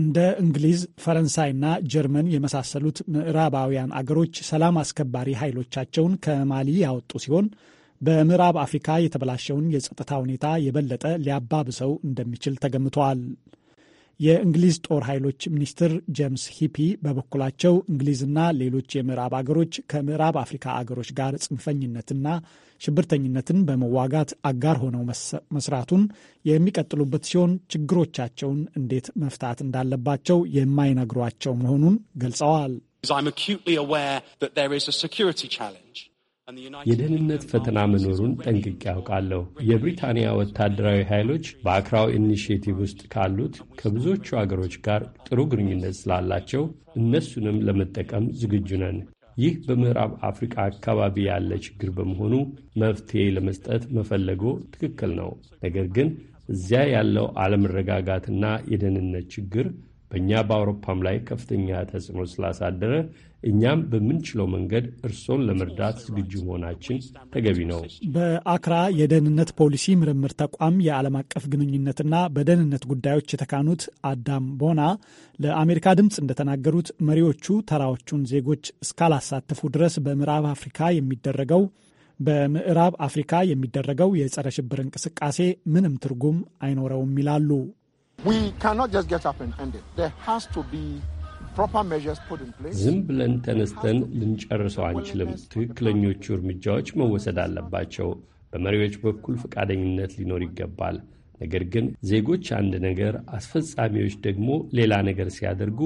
እንደ እንግሊዝ፣ ፈረንሳይና ጀርመን የመሳሰሉት ምዕራባውያን አገሮች ሰላም አስከባሪ ኃይሎቻቸውን ከማሊ ያወጡ ሲሆን በምዕራብ አፍሪካ የተበላሸውን የጸጥታ ሁኔታ የበለጠ ሊያባብሰው እንደሚችል ተገምተዋል። የእንግሊዝ ጦር ኃይሎች ሚኒስትር ጄምስ ሂፒ በበኩላቸው እንግሊዝና ሌሎች የምዕራብ አገሮች ከምዕራብ አፍሪካ አገሮች ጋር ጽንፈኝነትና ሽብርተኝነትን በመዋጋት አጋር ሆነው መስራቱን የሚቀጥሉበት ሲሆን ችግሮቻቸውን እንዴት መፍታት እንዳለባቸው የማይነግሯቸው መሆኑን ገልጸዋል። የደህንነት ፈተና መኖሩን ጠንቅቄ ያውቃለሁ። የብሪታንያ ወታደራዊ ኃይሎች በአክራዊ ኢኒሽቲቭ ውስጥ ካሉት ከብዙዎቹ አገሮች ጋር ጥሩ ግንኙነት ስላላቸው እነሱንም ለመጠቀም ዝግጁ ነን። ይህ በምዕራብ አፍሪካ አካባቢ ያለ ችግር በመሆኑ መፍትሄ ለመስጠት መፈለጎ ትክክል ነው። ነገር ግን እዚያ ያለው አለመረጋጋትና የደህንነት ችግር በእኛ በአውሮፓም ላይ ከፍተኛ ተጽዕኖ ስላሳደረ እኛም በምንችለው መንገድ እርሶን ለመርዳት ዝግጁ መሆናችን ተገቢ ነው። በአክራ የደህንነት ፖሊሲ ምርምር ተቋም የዓለም አቀፍ ግንኙነትና በደህንነት ጉዳዮች የተካኑት አዳም ቦና ለአሜሪካ ድምፅ እንደተናገሩት መሪዎቹ ተራዎቹን ዜጎች እስካላሳተፉ ድረስ በምዕራብ አፍሪካ የሚደረገው በምዕራብ አፍሪካ የሚደረገው የጸረ ሽብር እንቅስቃሴ ምንም ትርጉም አይኖረውም ይላሉ። ዝም ብለን ተነስተን ልንጨርሰው አንችልም። ትክክለኞቹ እርምጃዎች መወሰድ አለባቸው። በመሪዎች በኩል ፈቃደኝነት ሊኖር ይገባል። ነገር ግን ዜጎች አንድ ነገር፣ አስፈጻሚዎች ደግሞ ሌላ ነገር ሲያደርጉ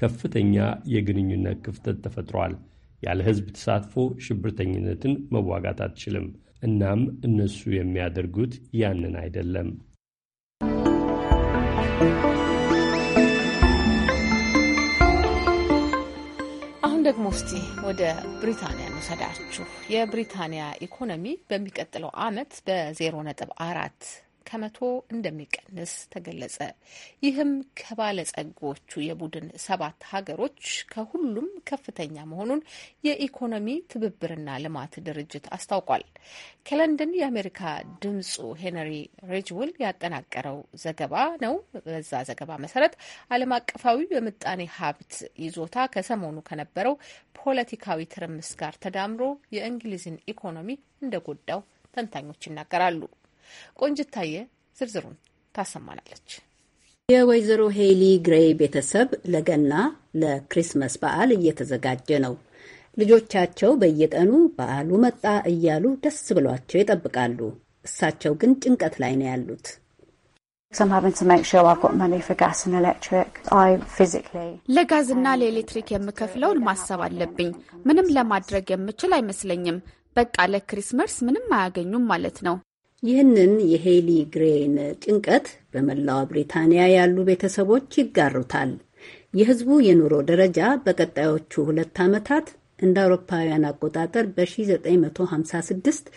ከፍተኛ የግንኙነት ክፍተት ተፈጥሯል። ያለ ሕዝብ ተሳትፎ ሽብርተኝነትን መዋጋት አትችልም። እናም እነሱ የሚያደርጉት ያንን አይደለም። አሁን ደግሞ እስቲ ወደ ብሪታንያ እንውሰዳችሁ። የብሪታንያ ኢኮኖሚ በሚቀጥለው ዓመት በዜሮ ነጥብ አራት ከመቶ እንደሚቀንስ ተገለጸ። ይህም ከባለጸጎቹ የቡድን ሰባት ሀገሮች ከሁሉም ከፍተኛ መሆኑን የኢኮኖሚ ትብብርና ልማት ድርጅት አስታውቋል። ከለንደን የአሜሪካ ድምፁ ሄነሪ ሬጅውል ያጠናቀረው ዘገባ ነው። በዛ ዘገባ መሰረት ዓለም አቀፋዊ የምጣኔ ሀብት ይዞታ ከሰሞኑ ከነበረው ፖለቲካዊ ትርምስ ጋር ተዳምሮ የእንግሊዝን ኢኮኖሚ እንደጎዳው ተንታኞች ይናገራሉ። ቆንጅታየ ዝርዝሩን ታሰማናለች። የወይዘሮ ሄይሊ ግሬይ ቤተሰብ ለገና ለክሪስመስ በዓል እየተዘጋጀ ነው። ልጆቻቸው በየቀኑ በዓሉ መጣ እያሉ ደስ ብሏቸው ይጠብቃሉ። እሳቸው ግን ጭንቀት ላይ ነው ያሉት። ለጋዝና ለኤሌክትሪክ የምከፍለውን ማሰብ አለብኝ። ምንም ለማድረግ የምችል አይመስለኝም። በቃ ለክሪስመስ ምንም አያገኙም ማለት ነው። ይህንን የሄሊ ግሬን ጭንቀት በመላዋ ብሪታንያ ያሉ ቤተሰቦች ይጋሩታል። የህዝቡ የኑሮ ደረጃ በቀጣዮቹ ሁለት ዓመታት እንደ አውሮፓውያን አቆጣጠር በ1956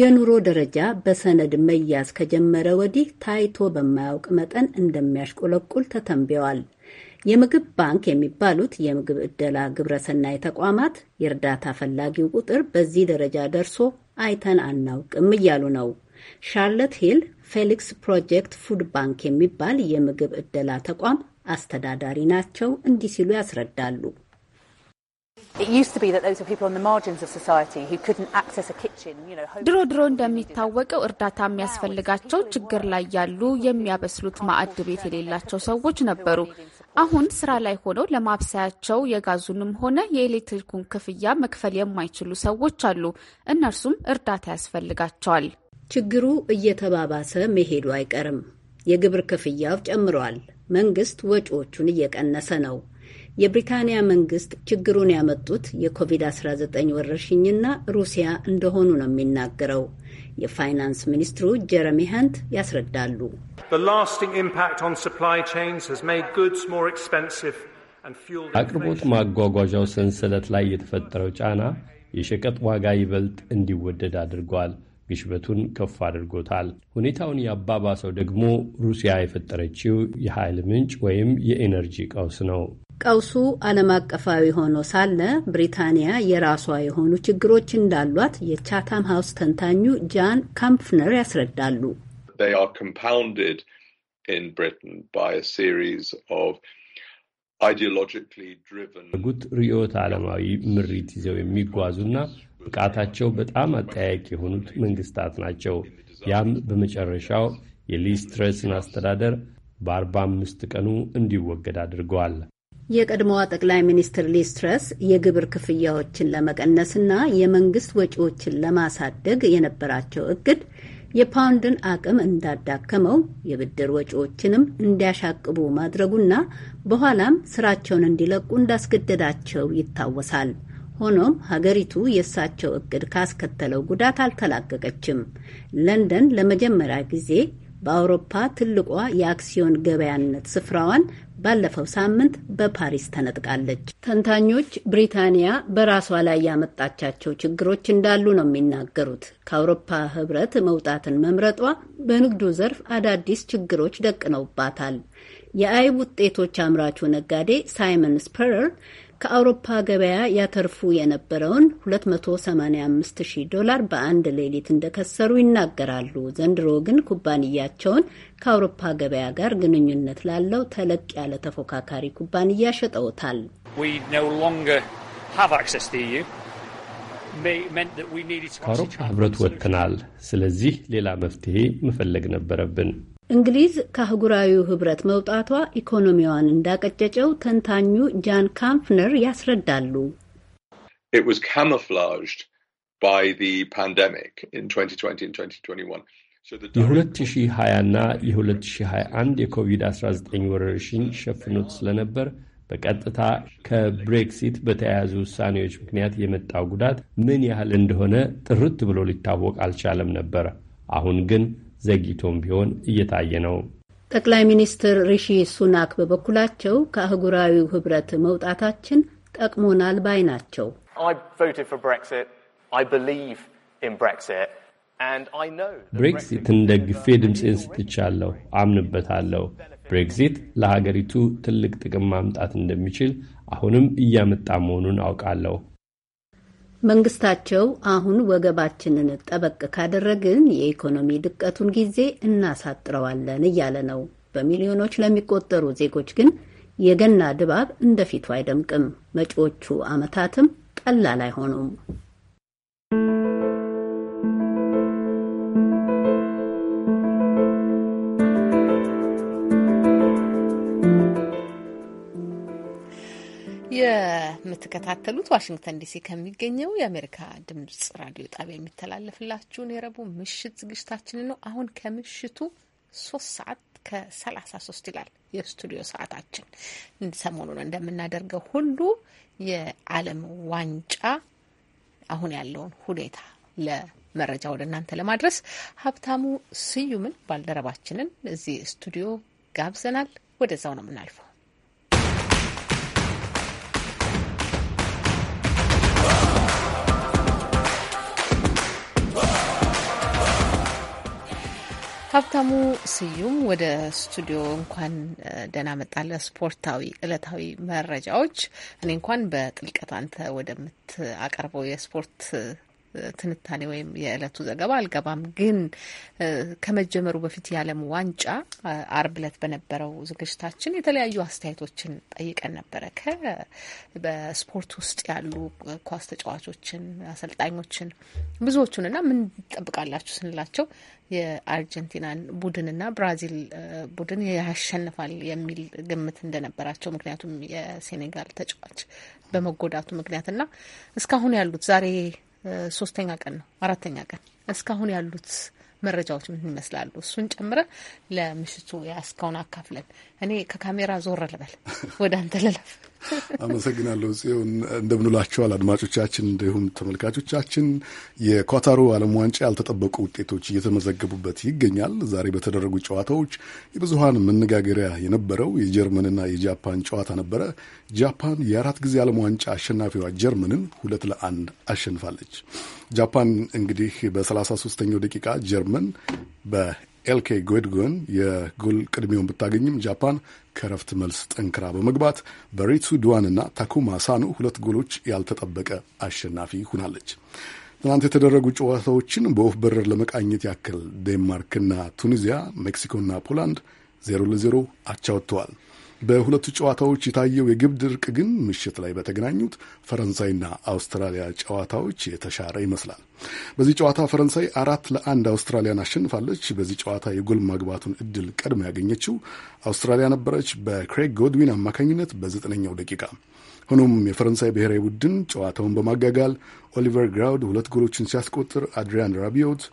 የኑሮ ደረጃ በሰነድ መያዝ ከጀመረ ወዲህ ታይቶ በማያውቅ መጠን እንደሚያሽቆለቁል ተተንብየዋል። የምግብ ባንክ የሚባሉት የምግብ ዕደላ ግብረሰናይ ተቋማት የእርዳታ ፈላጊው ቁጥር በዚህ ደረጃ ደርሶ አይተን አናውቅም እያሉ ነው። ሻርለት ሂል ፌሊክስ ፕሮጀክት ፉድ ባንክ የሚባል የምግብ እደላ ተቋም አስተዳዳሪ ናቸው። እንዲህ ሲሉ ያስረዳሉ። ድሮ ድሮ እንደሚታወቀው እርዳታ የሚያስፈልጋቸው ችግር ላይ ያሉ የሚያበስሉት ማዕድ ቤት የሌላቸው ሰዎች ነበሩ። አሁን ስራ ላይ ሆነው ለማብሰያቸው የጋዙንም ሆነ የኤሌክትሪኩን ክፍያ መክፈል የማይችሉ ሰዎች አሉ። እነርሱም እርዳታ ያስፈልጋቸዋል። ችግሩ እየተባባሰ መሄዱ አይቀርም። የግብር ክፍያው ጨምሯል። መንግስት ወጪዎቹን እየቀነሰ ነው። የብሪታንያ መንግስት ችግሩን ያመጡት የኮቪድ-19 ወረርሽኝና ሩሲያ እንደሆኑ ነው የሚናገረው። የፋይናንስ ሚኒስትሩ ጀረሚ ሀንት ያስረዳሉ። አቅርቦት ማጓጓዣው ሰንሰለት ላይ የተፈጠረው ጫና የሸቀጥ ዋጋ ይበልጥ እንዲወደድ አድርጓል። ግሽበቱን ከፍ አድርጎታል። ሁኔታውን ያባባሰው ደግሞ ሩሲያ የፈጠረችው የኃይል ምንጭ ወይም የኤነርጂ ቀውስ ነው። ቀውሱ ዓለም አቀፋዊ ሆኖ ሳለ ብሪታንያ የራሷ የሆኑ ችግሮች እንዳሏት የቻታም ሀውስ ተንታኙ ጃን ካምፍነር ያስረዳሉ። ጉት ርዕዮተ ዓለማዊ ምሪት ይዘው የሚጓዙና ብቃታቸው በጣም አጠያቂ የሆኑት መንግስታት ናቸው። ያም በመጨረሻው የሊስትረስን አስተዳደር በአርባ አምስት ቀኑ እንዲወገድ አድርገዋል። የቀድሞዋ ጠቅላይ ሚኒስትር ሊስትረስ የግብር ክፍያዎችን ለመቀነስና የመንግስት ወጪዎችን ለማሳደግ የነበራቸው እቅድ የፓውንድን አቅም እንዳዳከመው የብድር ወጪዎችንም እንዲያሻቅቡ ማድረጉና በኋላም ስራቸውን እንዲለቁ እንዳስገደዳቸው ይታወሳል። ሆኖም ሀገሪቱ የእሳቸው እቅድ ካስከተለው ጉዳት አልተላቀቀችም። ለንደን ለመጀመሪያ ጊዜ በአውሮፓ ትልቋ የአክሲዮን ገበያነት ስፍራዋን ባለፈው ሳምንት በፓሪስ ተነጥቃለች። ተንታኞች ብሪታንያ በራሷ ላይ ያመጣቻቸው ችግሮች እንዳሉ ነው የሚናገሩት። ከአውሮፓ ሕብረት መውጣትን መምረጧ በንግዱ ዘርፍ አዳዲስ ችግሮች ደቅነውባታል። የአይብ ውጤቶች አምራቹ ነጋዴ ሳይመን ስፐረር ከአውሮፓ ገበያ ያተርፉ የነበረውን 285,000 ዶላር በአንድ ሌሊት እንደከሰሩ ይናገራሉ። ዘንድሮ ግን ኩባንያቸውን ከአውሮፓ ገበያ ጋር ግንኙነት ላለው ተለቅ ያለ ተፎካካሪ ኩባንያ ሸጠውታል። e ከአውሮፓ ህብረት ወጥተናል። ስለዚህ ሌላ መፍትሄ መፈለግ ነበረብን። እንግሊዝ ከአህጉራዊው ህብረት መውጣቷ ኢኮኖሚዋን እንዳቀጨጨው ተንታኙ ጃን ካምፍነር ያስረዳሉ። የ2020ና የ2021 የኮቪድ-19 ወረርሽኝ ሸፍኖት ስለነበር በቀጥታ ከብሬክሲት በተያያዙ ውሳኔዎች ምክንያት የመጣው ጉዳት ምን ያህል እንደሆነ ጥርት ብሎ ሊታወቅ አልቻለም ነበር። አሁን ግን ዘግይቶም ቢሆን እየታየ ነው። ጠቅላይ ሚኒስትር ሪሺ ሱናክ በበኩላቸው ከአህጉራዊው ህብረት መውጣታችን ጠቅሞናል ባይ ናቸው። ብሬክዚትን ደግፌ ድምፄን ስጥቻለሁ፣ አምንበታለሁ። ብሬክዚት ለሀገሪቱ ትልቅ ጥቅም ማምጣት እንደሚችል አሁንም እያመጣ መሆኑን አውቃለሁ። መንግስታቸው አሁን ወገባችንን ጠበቅ ካደረግን የኢኮኖሚ ድቀቱን ጊዜ እናሳጥረዋለን እያለ ነው። በሚሊዮኖች ለሚቆጠሩ ዜጎች ግን የገና ድባብ እንደፊቱ አይደምቅም። መጪዎቹ ዓመታትም ቀላል አይሆኑም። የምትከታተሉት ዋሽንግተን ዲሲ ከሚገኘው የአሜሪካ ድምጽ ራዲዮ ጣቢያ የሚተላለፍላችሁን የረቡዕ ምሽት ዝግጅታችንን ነው። አሁን ከምሽቱ ሶስት ሰዓት ከሰላሳ ሶስት ይላል የስቱዲዮ ሰዓታችን። ሰሞኑን እንደምናደርገው ሁሉ የዓለም ዋንጫ አሁን ያለውን ሁኔታ ለመረጃ ወደ እናንተ ለማድረስ ሀብታሙ ስዩምን ባልደረባችንን እዚህ ስቱዲዮ ጋብዘናል። ወደዛው ነው የምናልፈው። ሀብታሙ ስዩም ወደ ስቱዲዮ እንኳን ደህና መጣለ። ስፖርታዊ እለታዊ መረጃዎች እኔ እንኳን በጥልቀት አንተ አቀርበው የስፖርት ትንታኔ ወይም የዕለቱ ዘገባ አልገባም፣ ግን ከመጀመሩ በፊት የዓለም ዋንጫ አርብ ዕለት በነበረው ዝግጅታችን የተለያዩ አስተያየቶችን ጠይቀን ነበረ። በስፖርት ውስጥ ያሉ ኳስ ተጫዋቾችን፣ አሰልጣኞችን ብዙዎቹን እና ምን ጠብቃላችሁ ስንላቸው የአርጀንቲናን ቡድንና ብራዚል ቡድን ያሸንፋል የሚል ግምት እንደነበራቸው ምክንያቱም የሴኔጋል ተጫዋች በመጎዳቱ ምክንያትና እስካሁን ያሉት ዛሬ ሶስተኛ ቀን ነው አራተኛ ቀን እስካሁን ያሉት መረጃዎች ምን ይመስላሉ? እሱን ጨምረ ለምሽቱ እስካሁን አካፍለን። እኔ ከካሜራ ዞር ልበል፣ ወደ አንተ ልለፍ። አመሰግናለሁ ጽዮን። እንደምንላቸዋል አድማጮቻችን፣ እንዲሁም ተመልካቾቻችን። የኳታሩ ዓለም ዋንጫ ያልተጠበቁ ውጤቶች እየተመዘገቡበት ይገኛል። ዛሬ በተደረጉ ጨዋታዎች የብዙሀን መነጋገሪያ የነበረው የጀርመንና የጃፓን ጨዋታ ነበረ። ጃፓን የአራት ጊዜ ዓለም ዋንጫ አሸናፊዋ ጀርመንን ሁለት ለአንድ አሸንፋለች። ጃፓን እንግዲህ በ33ኛው ደቂቃ ጀርመን በ ኤልኬ ጎድጎን የጎል ቅድሚያውን ብታገኝም ጃፓን ከረፍት መልስ ጠንክራ በመግባት በሬቱ ዱዋንና ታኩማ ሳኑ ሁለት ጎሎች ያልተጠበቀ አሸናፊ ሆናለች። ትናንት የተደረጉ ጨዋታዎችን በወፍ በረር ለመቃኘት ያክል ዴንማርክና ቱኒዚያ፣ ሜክሲኮና ፖላንድ ዜሮ ለዜሮ አቻ ወጥተዋል። በሁለቱ ጨዋታዎች የታየው የግብ ድርቅ ግን ምሽት ላይ በተገናኙት ፈረንሳይና አውስትራሊያ ጨዋታዎች የተሻረ ይመስላል። በዚህ ጨዋታ ፈረንሳይ አራት ለአንድ አውስትራሊያን አሸንፋለች። በዚህ ጨዋታ የጎል ማግባቱን እድል ቀድሞ ያገኘችው አውስትራሊያ ነበረች በክሬግ ጎድዊን አማካኝነት በዘጠነኛው ደቂቃ። ሆኖም የፈረንሳይ ብሔራዊ ቡድን ጨዋታውን በማጋጋል ኦሊቨር ግራውድ ሁለት ጎሎችን ሲያስቆጥር አድሪያን ራቢዮት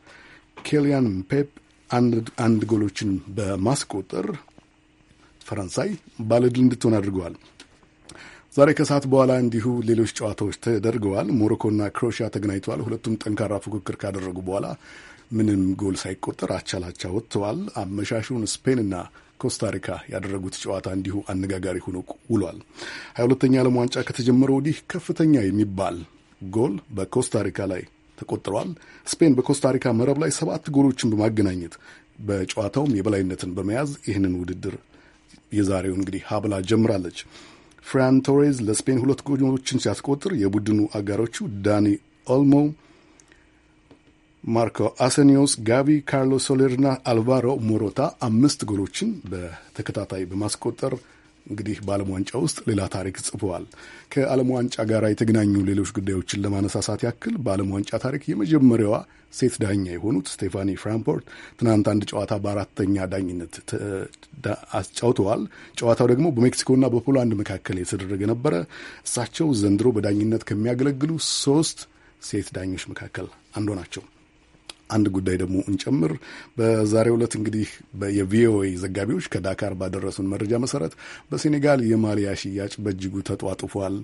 ኬሊያን ፔፕ አንድ ጎሎችን በማስቆጠር ፈረንሳይ ባለድል እንድትሆን አድርገዋል። ዛሬ ከሰዓት በኋላ እንዲሁ ሌሎች ጨዋታዎች ተደርገዋል። ሞሮኮና ክሮሽያ ተገናኝተዋል። ሁለቱም ጠንካራ ፉክክር ካደረጉ በኋላ ምንም ጎል ሳይቆጠር አቻላቻ ወጥተዋል። አመሻሹን ስፔንና ኮስታሪካ ያደረጉት ጨዋታ እንዲሁ አነጋጋሪ ሆኖ ውሏል። ሀያ ሁለተኛ ዓለም ዋንጫ ከተጀመረ ወዲህ ከፍተኛ የሚባል ጎል በኮስታሪካ ላይ ተቆጥረዋል። ስፔን በኮስታሪካ መረብ ላይ ሰባት ጎሎችን በማገናኘት በጨዋታውም የበላይነትን በመያዝ ይህንን ውድድር የዛሬውን እንግዲህ ሀብላ ጀምራለች። ፍራን ቶሬዝ ለስፔን ሁለት ጎሎችን ሲያስቆጥር የቡድኑ አጋሮቹ ዳኒ ኦልሞ፣ ማርኮ አሰኒዮስ፣ ጋቢ፣ ካርሎስ ሶሌርና አልቫሮ ሞሮታ አምስት ጎሎችን በተከታታይ በማስቆጠር እንግዲህ በዓለም ዋንጫ ውስጥ ሌላ ታሪክ ጽፈዋል። ከዓለም ዋንጫ ጋር የተገናኙ ሌሎች ጉዳዮችን ለማነሳሳት ያክል በዓለም ዋንጫ ታሪክ የመጀመሪያዋ ሴት ዳኛ የሆኑት ስቴፋኒ ፍራንፖርት ትናንት አንድ ጨዋታ በአራተኛ ዳኝነት አጫውተዋል። ጨዋታው ደግሞ በሜክሲኮና በፖላንድ መካከል የተደረገ ነበረ። እሳቸው ዘንድሮ በዳኝነት ከሚያገለግሉ ሶስት ሴት ዳኞች መካከል አንዷ ናቸው። አንድ ጉዳይ ደግሞ እንጨምር። በዛሬው ዕለት እንግዲህ የቪኦኤ ዘጋቢዎች ከዳካር ባደረሱን መረጃ መሰረት በሴኔጋል የማሊያ ሽያጭ በእጅጉ ተጧጥፏል።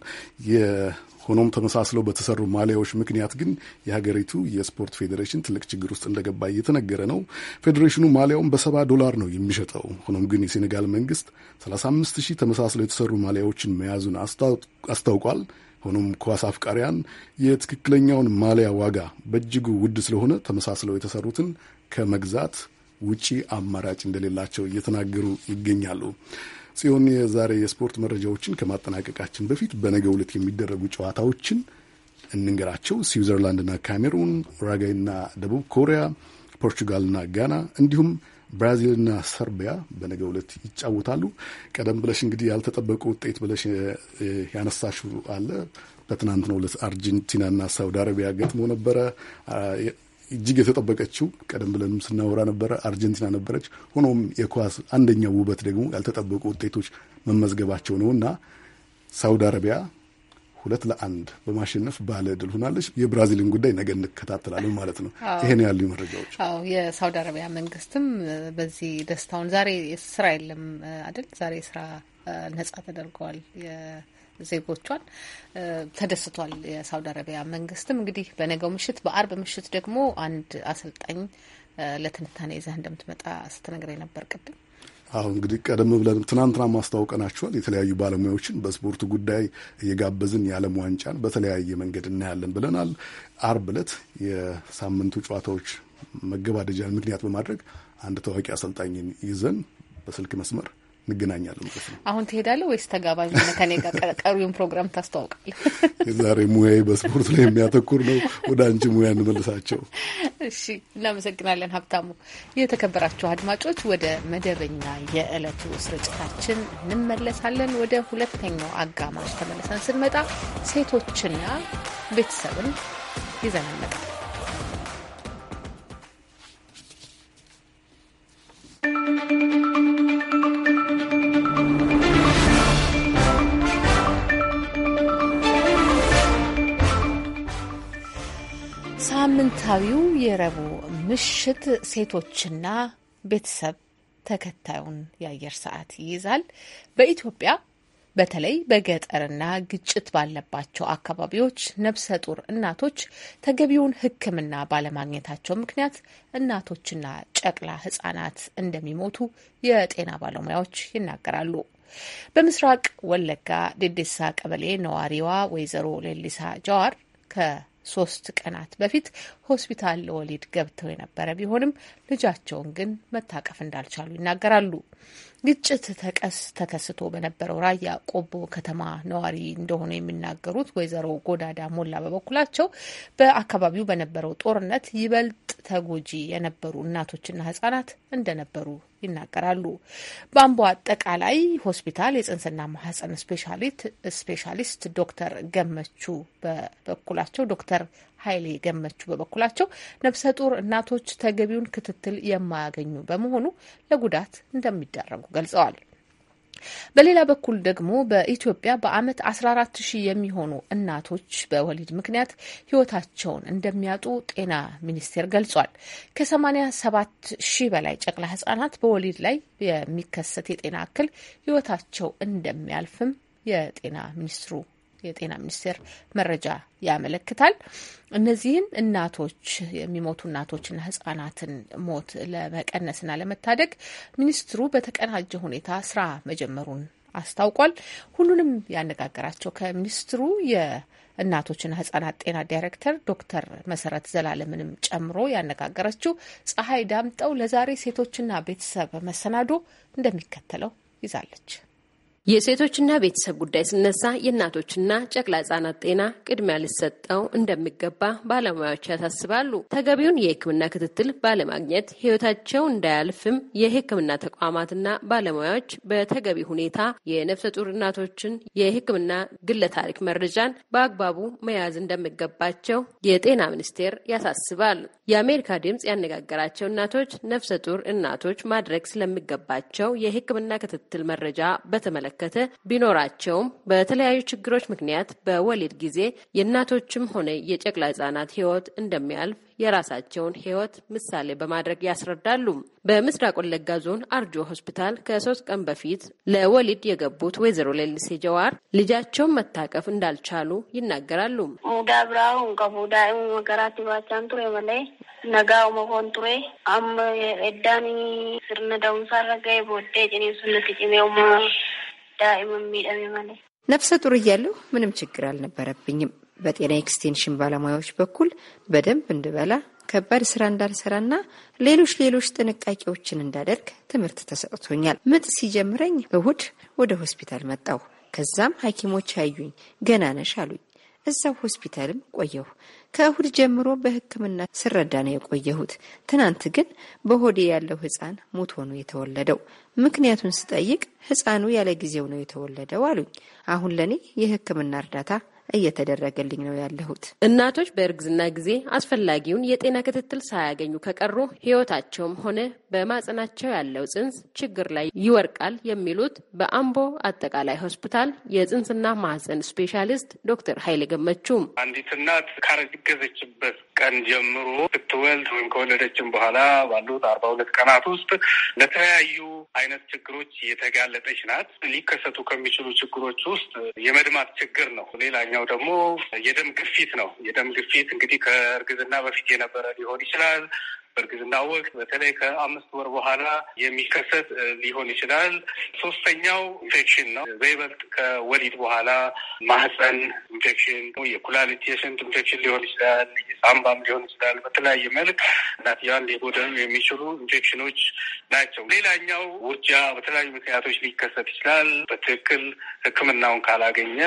ሆኖም ተመሳስለው በተሰሩ ማሊያዎች ምክንያት ግን የሀገሪቱ የስፖርት ፌዴሬሽን ትልቅ ችግር ውስጥ እንደገባ እየተነገረ ነው። ፌዴሬሽኑ ማሊያውን በሰባ ዶላር ነው የሚሸጠው። ሆኖም ግን የሴኔጋል መንግስት 35 ሺህ ተመሳስለው የተሰሩ ማሊያዎችን መያዙን አስታውቋል። ሆኖም ኳስ አፍቃሪያን የትክክለኛውን ማሊያ ዋጋ በእጅጉ ውድ ስለሆነ ተመሳስለው የተሰሩትን ከመግዛት ውጪ አማራጭ እንደሌላቸው እየተናገሩ ይገኛሉ። ጽዮን የዛሬ የስፖርት መረጃዎችን ከማጠናቀቃችን በፊት በነገ ዕለት የሚደረጉ ጨዋታዎችን እንንገራቸው። ስዊዘርላንድና ካሜሩን፣ ኡራጓይና ደቡብ ኮሪያ፣ ፖርቹጋልና ጋና እንዲሁም ብራዚልና ሰርቢያ በነገ ዕለት ይጫወታሉ። ቀደም ብለሽ እንግዲህ ያልተጠበቁ ውጤት ብለሽ ያነሳሽው አለ። በትናንትናው ዕለት አርጀንቲናና ሳውዲ አረቢያ ገጥሞ ነበረ። እጅግ የተጠበቀችው ቀደም ብለንም ስናወራ ነበረ አርጀንቲና ነበረች። ሆኖም የኳስ አንደኛው ውበት ደግሞ ያልተጠበቁ ውጤቶች መመዝገባቸው ነው እና ሳውዲ አረቢያ ሁለት ለአንድ በማሸነፍ ባለ ድል ሆናለች። የብራዚልን ጉዳይ ነገ እንከታተላለን ማለት ነው። ይሄን ያሉ መረጃዎች። አዎ የሳውዲ አረቢያ መንግስትም በዚህ ደስታውን ዛሬ ስራ የለም አይደል? ዛሬ ስራ ነጻ ተደርገዋል ዜጎቿን ተደስቷል። የሳውዲ አረቢያ መንግስትም እንግዲህ በነገው ምሽት በአርብ ምሽት ደግሞ አንድ አሰልጣኝ ለትንታኔ ይዘህ እንደምትመጣ ስትነግረኝ ነበር ቅድም አሁን እንግዲህ ቀደም ብለን ትናንትና ማስታወቀናቸዋል የተለያዩ ባለሙያዎችን በስፖርቱ ጉዳይ እየጋበዝን የዓለም ዋንጫን በተለያየ መንገድ እናያለን ብለናል። አርብ ዕለት የሳምንቱ ጨዋታዎች መገባደጃን ምክንያት በማድረግ አንድ ታዋቂ አሰልጣኝን ይዘን በስልክ መስመር እንገናኛለን ማለት ነው። አሁን ትሄዳለህ ወይስ ተጋባዥ ሆነ ከኔ ጋር ቀሪውን ፕሮግራም ታስተዋውቃለህ? ዛሬ ሙያዬ በስፖርት ላይ የሚያተኩር ነው። ወደ አንቺ ሙያ እንመልሳቸው። እሺ፣ እናመሰግናለን ሀብታሙ። የተከበራችሁ አድማጮች፣ ወደ መደበኛ የዕለቱ ስርጭታችን እንመለሳለን። ወደ ሁለተኛው አጋማሽ ተመልሰን ስንመጣ ሴቶችና ቤተሰብን ይዘን እንመጣለን። Thank you. ሳምንታዊው የረቡዕ ምሽት ሴቶችና ቤተሰብ ተከታዩን የአየር ሰዓት ይይዛል። በኢትዮጵያ በተለይ በገጠርና ግጭት ባለባቸው አካባቢዎች ነፍሰ ጡር እናቶች ተገቢውን ሕክምና ባለማግኘታቸው ምክንያት እናቶችና ጨቅላ ሕጻናት እንደሚሞቱ የጤና ባለሙያዎች ይናገራሉ። በምስራቅ ወለጋ ዴዴሳ ቀበሌ ነዋሪዋ ወይዘሮ ሌሊሳ ጀዋር ከ ሶስት ቀናት በፊት ሆስፒታል ለወሊድ ገብተው የነበረ ቢሆንም ልጃቸውን ግን መታቀፍ እንዳልቻሉ ይናገራሉ። ግጭት ተቀስ ተከስቶ በነበረው ራያ ቆቦ ከተማ ነዋሪ እንደሆኑ የሚናገሩት ወይዘሮ ጎዳዳ ሞላ በበኩላቸው በአካባቢው በነበረው ጦርነት ይበልጥ ተጎጂ የነበሩ እናቶችና ሕጻናት እንደነበሩ ይናገራሉ። በአምቦ አጠቃላይ ሆስፒታል የጽንስና ማህፀን ስፔሻሊስት ዶክተር ገመቹ በበኩላቸው ዶክተር ኃይሌ ገመቹ በበኩላቸው ነፍሰ ጡር እናቶች ተገቢውን ክትትል የማያገኙ በመሆኑ ለጉዳት እንደሚዳረጉ ገልጸዋል። በሌላ በኩል ደግሞ በኢትዮጵያ በአመት 14 ሺህ የሚሆኑ እናቶች በወሊድ ምክንያት ህይወታቸውን እንደሚያጡ ጤና ሚኒስቴር ገልጿል። ከ87 ሺህ በላይ ጨቅላ ህጻናት በወሊድ ላይ የሚከሰት የጤና እክል ህይወታቸው እንደሚያልፍም የጤና ሚኒስትሩ የጤና ሚኒስቴር መረጃ ያመለክታል። እነዚህን እናቶች የሚሞቱ እናቶችና ህጻናትን ሞት ለመቀነስና ለመታደግ ሚኒስትሩ በተቀናጀ ሁኔታ ስራ መጀመሩን አስታውቋል። ሁሉንም ያነጋገራቸው ከሚኒስትሩ የእናቶችና ህጻናት ጤና ዳይሬክተር ዶክተር መሰረት ዘላለምንም ጨምሮ ያነጋገረችው ፀሐይ ዳምጠው ለዛሬ ሴቶችና ቤተሰብ መሰናዶ እንደሚከተለው ይዛለች። የሴቶችና ቤተሰብ ጉዳይ ስነሳ የእናቶችና ጨቅላ ህጻናት ጤና ቅድሚያ ሊሰጠው እንደሚገባ ባለሙያዎች ያሳስባሉ። ተገቢውን የሕክምና ክትትል ባለማግኘት ህይወታቸው እንዳያልፍም የሕክምና ተቋማትና ባለሙያዎች በተገቢ ሁኔታ የነፍሰ ጡር እናቶችን የሕክምና ግለ ታሪክ መረጃን በአግባቡ መያዝ እንደሚገባቸው የጤና ሚኒስቴር ያሳስባል። የአሜሪካ ድምጽ ያነጋገራቸው እናቶች ነፍሰ ጡር እናቶች ማድረግ ስለሚገባቸው የሕክምና ክትትል መረጃ በተመለከ የተመለከተ ቢኖራቸውም በተለያዩ ችግሮች ምክንያት በወሊድ ጊዜ የእናቶችም ሆነ የጨቅላ ህጻናት ህይወት እንደሚያልፍ የራሳቸውን ህይወት ምሳሌ በማድረግ ያስረዳሉ። በምስራቅ ወለጋ ዞን አርጆ ሆስፒታል ከሶስት ቀን በፊት ለወሊድ የገቡት ወይዘሮ ሌሊሴ ጀዋር ልጃቸውን መታቀፍ እንዳልቻሉ ይናገራሉ። ዳኢም ሚደም ማለት ነፍሰ ጡር እያለሁ ምንም ችግር አልነበረብኝም። በጤና ኤክስቴንሽን ባለሙያዎች በኩል በደንብ እንድበላ ከባድ ስራ እንዳልሰራና ሌሎች ሌሎች ጥንቃቄዎችን እንዳደርግ ትምህርት ተሰጥቶኛል። ምጥ ሲጀምረኝ እሁድ ወደ ሆስፒታል መጣሁ። ከዛም ሐኪሞች አዩኝ። ገና ነሽ አሉኝ። እዛው ሆስፒታልም ቆየሁ። ከእሁድ ጀምሮ በሕክምና ስረዳ ነው የቆየሁት። ትናንት ግን በሆዴ ያለው ህፃን ሙት ነው የተወለደው። ምክንያቱን ስጠይቅ ህፃኑ ያለ ጊዜው ነው የተወለደው አሉኝ። አሁን ለእኔ የሕክምና እርዳታ እየተደረገልኝ ነው ያለሁት። እናቶች በእርግዝና ጊዜ አስፈላጊውን የጤና ክትትል ሳያገኙ ከቀሩ ሕይወታቸውም ሆነ በማጽናቸው ያለው ጽንስ ችግር ላይ ይወርቃል የሚሉት በአምቦ አጠቃላይ ሆስፒታል የጽንስና ማህፀን ስፔሻሊስት ዶክተር ኃይሌ ገመቹም አንዲት እናት ካረገዘችበት ቀን ጀምሮ ስትወልድ ወይም ከወለደችም በኋላ ባሉት አርባ ሁለት ቀናት ውስጥ ለተለያዩ አይነት ችግሮች የተጋለጠች ናት። ሊከሰቱ ከሚችሉ ችግሮች ውስጥ የመድማት ችግር ነው። ሌላኛው ደግሞ የደም ግፊት ነው። የደም ግፊት እንግዲህ ከእርግዝና በፊት የነበረ ሊሆን ይችላል። በእርግዝና ወቅት በተለይ ከአምስት ወር በኋላ የሚከሰት ሊሆን ይችላል። ሶስተኛው ኢንፌክሽን ነው። በይበልጥ ከወሊድ በኋላ ማህፀን ኢንፌክሽን፣ የኩላሊት የሽንት ኢንፌክሽን ሊሆን ይችላል፣ የሳምባም ሊሆን ይችላል። በተለያየ መልክ እናትየዋን ሊጎዳዩ የሚችሉ ኢንፌክሽኖች ናቸው። ሌላኛው ውርጃ በተለያዩ ምክንያቶች ሊከሰት ይችላል። በትክክል ሕክምናውን ካላገኘ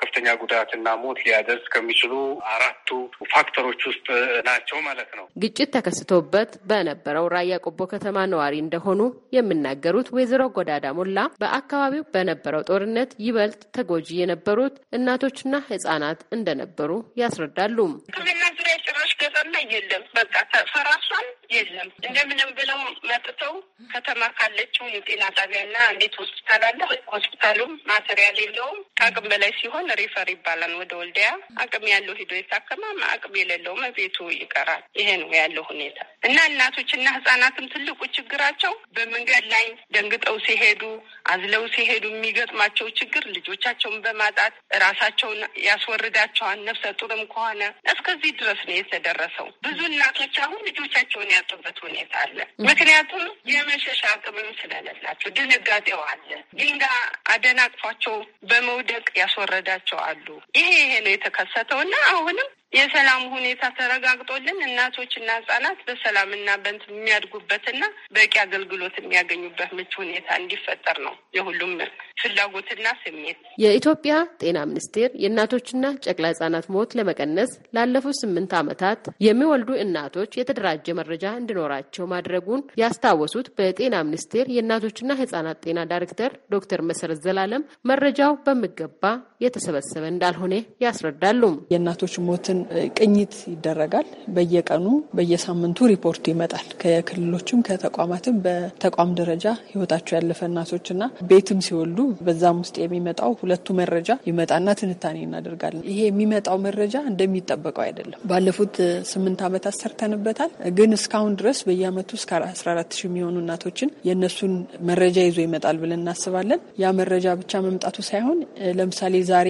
ከፍተኛ ጉዳትና ሞት ሊያደርስ ከሚችሉ አራቱ ፋክተሮች ውስጥ ናቸው ማለት ነው። ግጭት ተከስቶ ሲኖሩበት በነበረው ራያ ቆቦ ከተማ ነዋሪ እንደሆኑ የሚናገሩት ወይዘሮ ጎዳዳ ሞላ በአካባቢው በነበረው ጦርነት ይበልጥ ተጎጂ የነበሩት እናቶችና ህጻናት እንደነበሩ ያስረዳሉ። የለም በቃ የለም። እንደምንም ብለው መጥተው ከተማ ካለችው የጤና ጣቢያና እንዴት ሆስፒታል አለ። ሆስፒታሉም ማቴሪያል የለውም። ከአቅም በላይ ሲሆን ሪፈር ይባላል ወደ ወልዲያ። አቅም ያለው ሂዶ የታከማ አቅም የሌለውም ቤቱ ይቀራል። ይሄ ነው ያለው ሁኔታ። እና እናቶች እና ህጻናትም ትልቁ ችግራቸው በመንገድ ላይ ደንግጠው ሲሄዱ አዝለው ሲሄዱ የሚገጥማቸው ችግር ልጆቻቸውን በማጣት ራሳቸውን ያስወርዳቸዋል። ነፍሰ ጡርም ከሆነ እስከዚህ ድረስ ነው የተደረሰው። ብዙ እናቶች አሁን ልጆቻቸውን ያጡበት ሁኔታ አለ። ምክንያቱም የመሸሻ አቅምም ስለሌላቸው ድንጋጤው አለ። ድንጋይ አደናቅፏቸው በመውደቅ ያስወረዳቸው አሉ። ይሄ ይሄ ነው የተከሰተው እና አሁንም የሰላም ሁኔታ ተረጋግጦልን እናቶችና ህጻናት በሰላምና በንት የሚያድጉበትና በቂ አገልግሎት የሚያገኙበት ምቹ ሁኔታ እንዲፈጠር ነው የሁሉም ፍላጎትና ስሜት። የኢትዮጵያ ጤና ሚኒስቴር የእናቶችና ጨቅላ ህጻናት ሞት ለመቀነስ ላለፉት ስምንት ዓመታት የሚወልዱ እናቶች የተደራጀ መረጃ እንዲኖራቸው ማድረጉን ያስታወሱት በጤና ሚኒስቴር የእናቶችና ህጻናት ጤና ዳይሬክተር ዶክተር መሰረት ዘላለም መረጃው በሚገባ የተሰበሰበ እንዳልሆነ ያስረዳሉ። የእናቶች ሞትን ቀን ቅኝት ይደረጋል። በየቀኑ በየሳምንቱ ሪፖርት ይመጣል። ከክልሎችም ከተቋማትም በተቋም ደረጃ ህይወታቸው ያለፈ እናቶችና ቤትም ሲወልዱ በዛም ውስጥ የሚመጣው ሁለቱ መረጃ ይመጣና ትንታኔ እናደርጋለን። ይሄ የሚመጣው መረጃ እንደሚጠበቀው አይደለም። ባለፉት ስምንት ዓመታት ሰርተንበታል። ግን እስካሁን ድረስ በየአመቱ እስከ 14 ሺ የሚሆኑ እናቶችን የእነሱን መረጃ ይዞ ይመጣል ብለን እናስባለን። ያ መረጃ ብቻ መምጣቱ ሳይሆን ለምሳሌ ዛሬ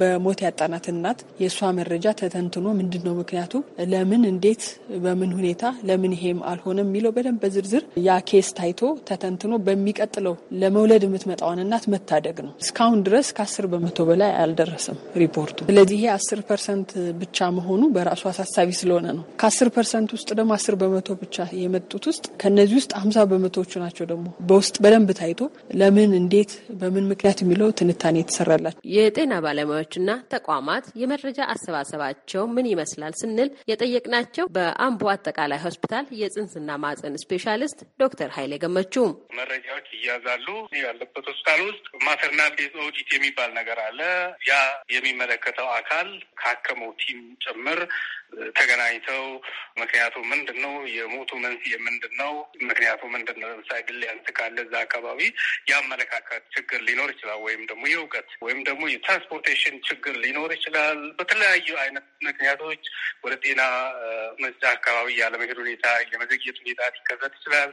በሞት ያጣናት እናት የእሷ መረጃ ተተን ተተንትኖ ምንድን ነው ምክንያቱ፣ ለምን፣ እንዴት፣ በምን ሁኔታ ለምን ይሄም አልሆነም የሚለው በደንብ በዝርዝር ያ ኬስ ታይቶ ተተንትኖ በሚቀጥለው ለመውለድ የምትመጣዋን እናት መታደግ ነው። እስካሁን ድረስ ከአስር በመቶ በላይ አልደረሰም ሪፖርቱ። ስለዚህ ይሄ አስር ፐርሰንት ብቻ መሆኑ በራሱ አሳሳቢ ስለሆነ ነው። ከአስር ፐርሰንት ውስጥ ደግሞ አስር በመቶ ብቻ የመጡት ውስጥ ከእነዚህ ውስጥ ሀምሳ በመቶዎቹ ናቸው ደግሞ በውስጥ በደንብ ታይቶ ለምን፣ እንዴት፣ በምን ምክንያት የሚለው ትንታኔ የተሰራላቸው የጤና ባለሙያዎችና ተቋማት የመረጃ አሰባሰባቸው ሂደታቸው ምን ይመስላል ስንል የጠየቅናቸው በአምቦ አጠቃላይ ሆስፒታል የጽንስና ማህፀን ስፔሻሊስት ዶክተር ኃይሌ ገመቹ መረጃዎች ይያዛሉ። ያለበት ሆስፒታል ውስጥ ማተርና ቤዝ ኦዲት የሚባል ነገር አለ። ያ የሚመለከተው አካል ካከመው ቲም ጭምር ተገናኝተው ምክንያቱ ምንድን ነው? የሞቱ መንስኤ ምንድን ነው? ምክንያቱ ምንድን ነው? ለምሳሌ ያንስ ካለ እዛ አካባቢ የአመለካከት ችግር ሊኖር ይችላል፣ ወይም ደግሞ የእውቀት ወይም ደግሞ የትራንስፖርቴሽን ችግር ሊኖር ይችላል። በተለያዩ አይነት ምክንያቶች ወደ ጤና መስጫ አካባቢ ያለመሄድ ሁኔታ፣ የመዘግየት ሁኔታ ሊከሰት ይችላል።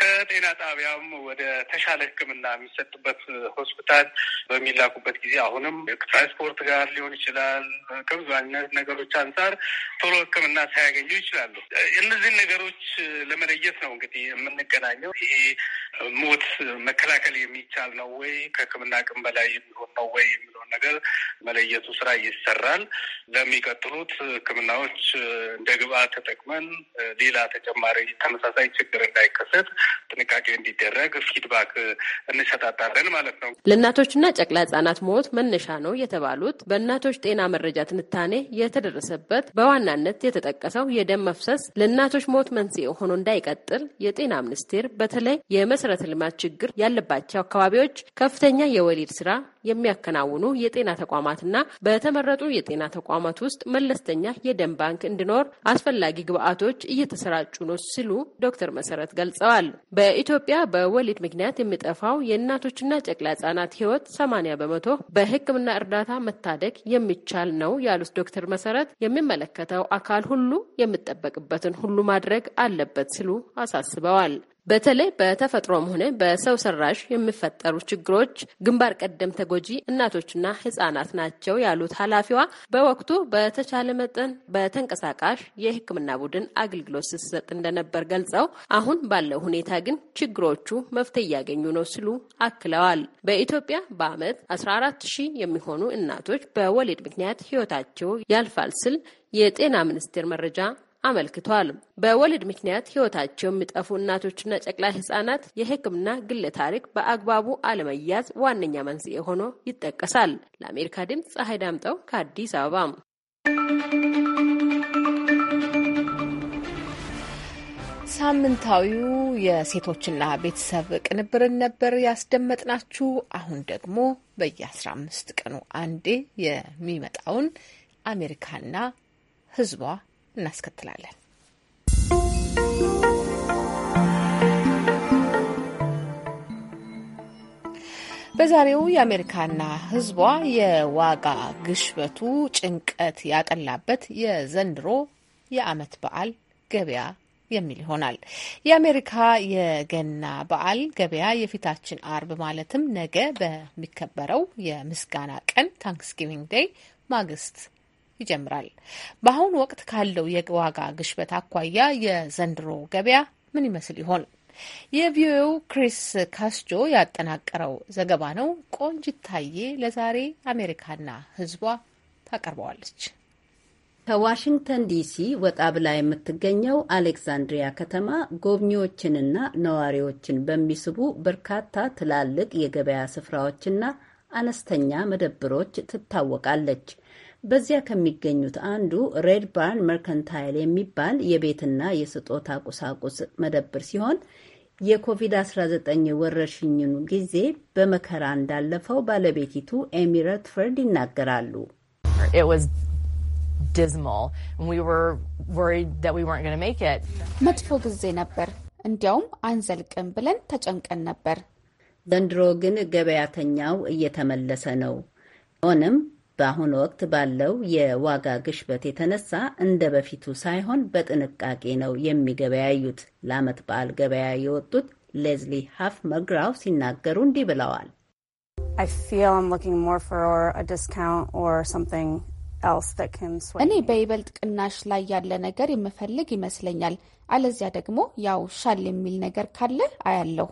ከጤና ጣቢያም ወደ ተሻለ ሕክምና የሚሰጥበት ሆስፒታል በሚላኩበት ጊዜ አሁንም ትራንስፖርት ጋር ሊሆን ይችላል። ከብዙ አይነት ነገሮች አንጻር ቶሎ ሕክምና ሳያገኙ ይችላሉ። እነዚህን ነገሮች ለመለየት ነው እንግዲህ የምንገናኘው። ይሄ ሞት መከላከል የሚቻል ነው ወይ ከሕክምና አቅም በላይ የሚሆን ነው ወይ የሚለውን ነገር መለየቱ ስራ ይሰራል። ለሚቀጥሉት ሕክምናዎች እንደ ግብአት ተጠቅመን ሌላ ተጨማሪ ተመሳሳይ ችግር እንዳይከሰት ጥንቃቄ እንዲደረግ ፊድባክ እንሰጣጣለን ማለት ነው። ለእናቶችና ጨቅላ ህጻናት ሞት መነሻ ነው የተባሉት በእናቶች ጤና መረጃ ትንታኔ የተደረሰበት በዋናነት የተጠቀሰው የደም መፍሰስ ለእናቶች ሞት መንስኤ ሆኖ እንዳይቀጥል የጤና ሚኒስቴር በተለይ የመሰረተ ልማት ችግር ያለባቸው አካባቢዎች ከፍተኛ የወሊድ ስራ የሚያከናውኑ የጤና ተቋማትና በተመረጡ የጤና ተቋማት ውስጥ መለስተኛ የደም ባንክ እንዲኖር አስፈላጊ ግብአቶች እየተሰራጩ ነው ሲሉ ዶክተር መሰረት ገልጸዋል። በኢትዮጵያ በወሊድ ምክንያት የሚጠፋው የእናቶችና ጨቅላ ህጻናት ህይወት ሰማንያ በመቶ በህክምና እርዳታ መታደግ የሚቻል ነው ያሉት ዶክተር መሰረት የሚመለከተው አካል ሁሉ የሚጠበቅበትን ሁሉ ማድረግ አለበት ሲሉ አሳስበዋል። በተለይ በተፈጥሮም ሆነ በሰው ሰራሽ የሚፈጠሩ ችግሮች ግንባር ቀደም ተጎጂ እናቶችና ህጻናት ናቸው ያሉት ኃላፊዋ በወቅቱ በተቻለ መጠን በተንቀሳቃሽ የሕክምና ቡድን አገልግሎት ስትሰጥ እንደነበር ገልጸው አሁን ባለው ሁኔታ ግን ችግሮቹ መፍትሄ እያገኙ ነው ሲሉ አክለዋል። በኢትዮጵያ በዓመት 14 ሺህ የሚሆኑ እናቶች በወሊድ ምክንያት ህይወታቸው ያልፋል ስል የጤና ሚኒስቴር መረጃ አመልክቷል። በወሊድ ምክንያት ህይወታቸው የሚጠፉ እናቶችና ጨቅላ ህጻናት የሕክምና ግለ ታሪክ በአግባቡ አለመያዝ ዋነኛ መንስኤ ሆኖ ይጠቀሳል። ለአሜሪካ ድምፅ ፀሐይ ዳምጠው ከአዲስ አበባ። ሳምንታዊው የሴቶችና ቤተሰብ ቅንብርን ነበር ያስደመጥናችሁ። አሁን ደግሞ በየ በየአስራ አምስት ቀኑ አንዴ የሚመጣውን አሜሪካና ህዝቧ እናስከትላለን። በዛሬው የአሜሪካና ሕዝቧ የዋጋ ግሽበቱ ጭንቀት ያጠላበት የዘንድሮ የዓመት በዓል ገበያ የሚል ይሆናል። የአሜሪካ የገና በዓል ገበያ የፊታችን አርብ ማለትም ነገ በሚከበረው የምስጋና ቀን ታንክስጊቪንግ ዴይ ማግስት ይጀምራል። በአሁኑ ወቅት ካለው የዋጋ ግሽበት አኳያ የዘንድሮ ገበያ ምን ይመስል ይሆን? የቪኦኤው ክሪስ ካስጆ ያጠናቀረው ዘገባ ነው። ቆንጅታዬ ለዛሬ አሜሪካና ሕዝቧ ታቀርበዋለች። ከዋሽንግተን ዲሲ ወጣ ብላ የምትገኘው አሌክዛንድሪያ ከተማ ጎብኚዎችንና ነዋሪዎችን በሚስቡ በርካታ ትላልቅ የገበያ ስፍራዎችና አነስተኛ መደብሮች ትታወቃለች። በዚያ ከሚገኙት አንዱ ሬድ ባርን መርከንታይል የሚባል የቤትና የስጦታ ቁሳቁስ መደብር ሲሆን የኮቪድ-19 ወረርሽኙን ጊዜ በመከራ እንዳለፈው ባለቤቲቱ ኤሚ ረትፈርድ ይናገራሉ። መጥፎ ጊዜ ነበር። እንዲያውም አንዘልቅም ብለን ተጨንቀን ነበር። ዘንድሮ ግን ገበያተኛው እየተመለሰ ነው። ሆንም በአሁኑ ወቅት ባለው የዋጋ ግሽበት የተነሳ እንደ በፊቱ ሳይሆን በጥንቃቄ ነው የሚገበያዩት። ለዓመት በዓል ገበያ የወጡት ሌዝሊ ሀፍ መግራው ሲናገሩ እንዲህ ብለዋል። እኔ በይበልጥ ቅናሽ ላይ ያለ ነገር የምፈልግ ይመስለኛል። አለዚያ ደግሞ ያው ሻል የሚል ነገር ካለ አያለሁ።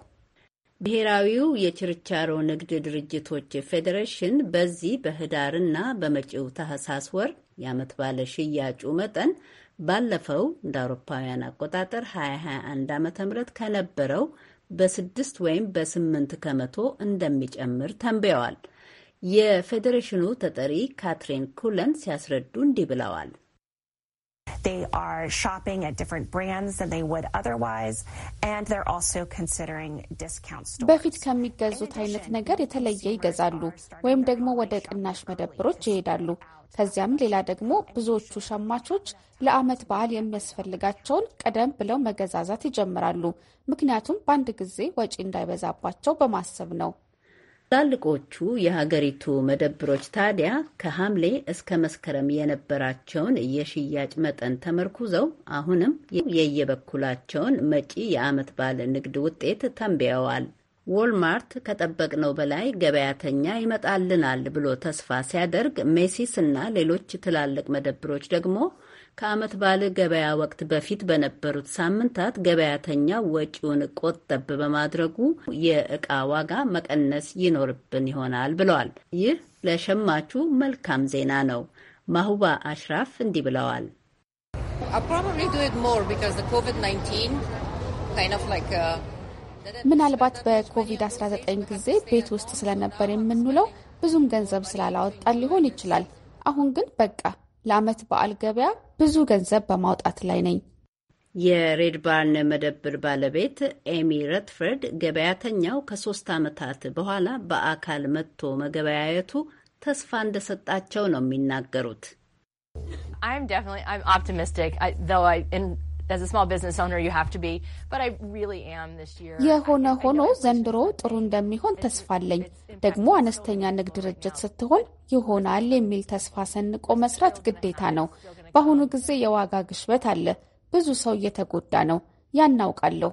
ብሔራዊው የችርቻሮ ንግድ ድርጅቶች ፌዴሬሽን በዚህ በህዳርና በመጪው ታህሳስ ወር የአመት ባለ ሽያጩ መጠን ባለፈው እንደ አውሮፓውያን አቆጣጠር 2021 ዓ ም ከነበረው በስድስት ወይም በስምንት ከመቶ እንደሚጨምር ተንብየዋል። የፌዴሬሽኑ ተጠሪ ካትሪን ኩለን ሲያስረዱ እንዲህ ብለዋል። They are shopping at different brands than they would otherwise, and they're also considering discount stores. በፊት ከሚገዙት አይነት ነገር የተለየ ይገዛሉ ወይም ደግሞ ወደ ቅናሽ መደብሮች ይሄዳሉ። ከዚያም ሌላ ደግሞ ብዙዎቹ ሸማቾች ለዓመት በዓል የሚያስፈልጋቸውን ቀደም ብለው መገዛዛት ይጀምራሉ። ምክንያቱም በአንድ ጊዜ ወጪ እንዳይበዛባቸው በማሰብ ነው። ትላልቆቹ የሀገሪቱ መደብሮች ታዲያ ከሐምሌ እስከ መስከረም የነበራቸውን የሽያጭ መጠን ተመርኩዘው አሁንም የየበኩላቸውን መጪ የዓመት በዓል ንግድ ውጤት ተንብየዋል። ዎልማርት ከጠበቅነው በላይ ገበያተኛ ይመጣልናል ብሎ ተስፋ ሲያደርግ፣ ሜሲስ እና ሌሎች ትላልቅ መደብሮች ደግሞ ከዓመት ባለ ገበያ ወቅት በፊት በነበሩት ሳምንታት ገበያተኛው ወጪውን ቆጠብ በማድረጉ የእቃ ዋጋ መቀነስ ይኖርብን ይሆናል ብለዋል። ይህ ለሸማቹ መልካም ዜና ነው። ማሁባ አሽራፍ እንዲህ ብለዋል። uh, ምናልባት በኮቪድ-19 ጊዜ ቤት ውስጥ ስለነበር የምንውለው ብዙም ገንዘብ ስላላወጣን ሊሆን ይችላል። አሁን ግን በቃ ለዓመት በዓል ገበያ ብዙ ገንዘብ በማውጣት ላይ ነኝ። የሬድ ባርን መደብር ባለቤት ኤሚ ረትፈርድ ገበያተኛው ከሶስት ዓመታት በኋላ በአካል መጥቶ መገበያየቱ ተስፋ እንደሰጣቸው ነው የሚናገሩት። የሆነ ሆኖ ዘንድሮ ጥሩ እንደሚሆን ተስፋ አለኝ። ደግሞ አነስተኛ ንግድ ድርጅት ስትሆን ይሆናል የሚል ተስፋ ሰንቆ መስራት ግዴታ ነው። በአሁኑ ጊዜ የዋጋ ግሽበት አለ። ብዙ ሰው እየተጎዳ ነው። ያናውቃለሁ።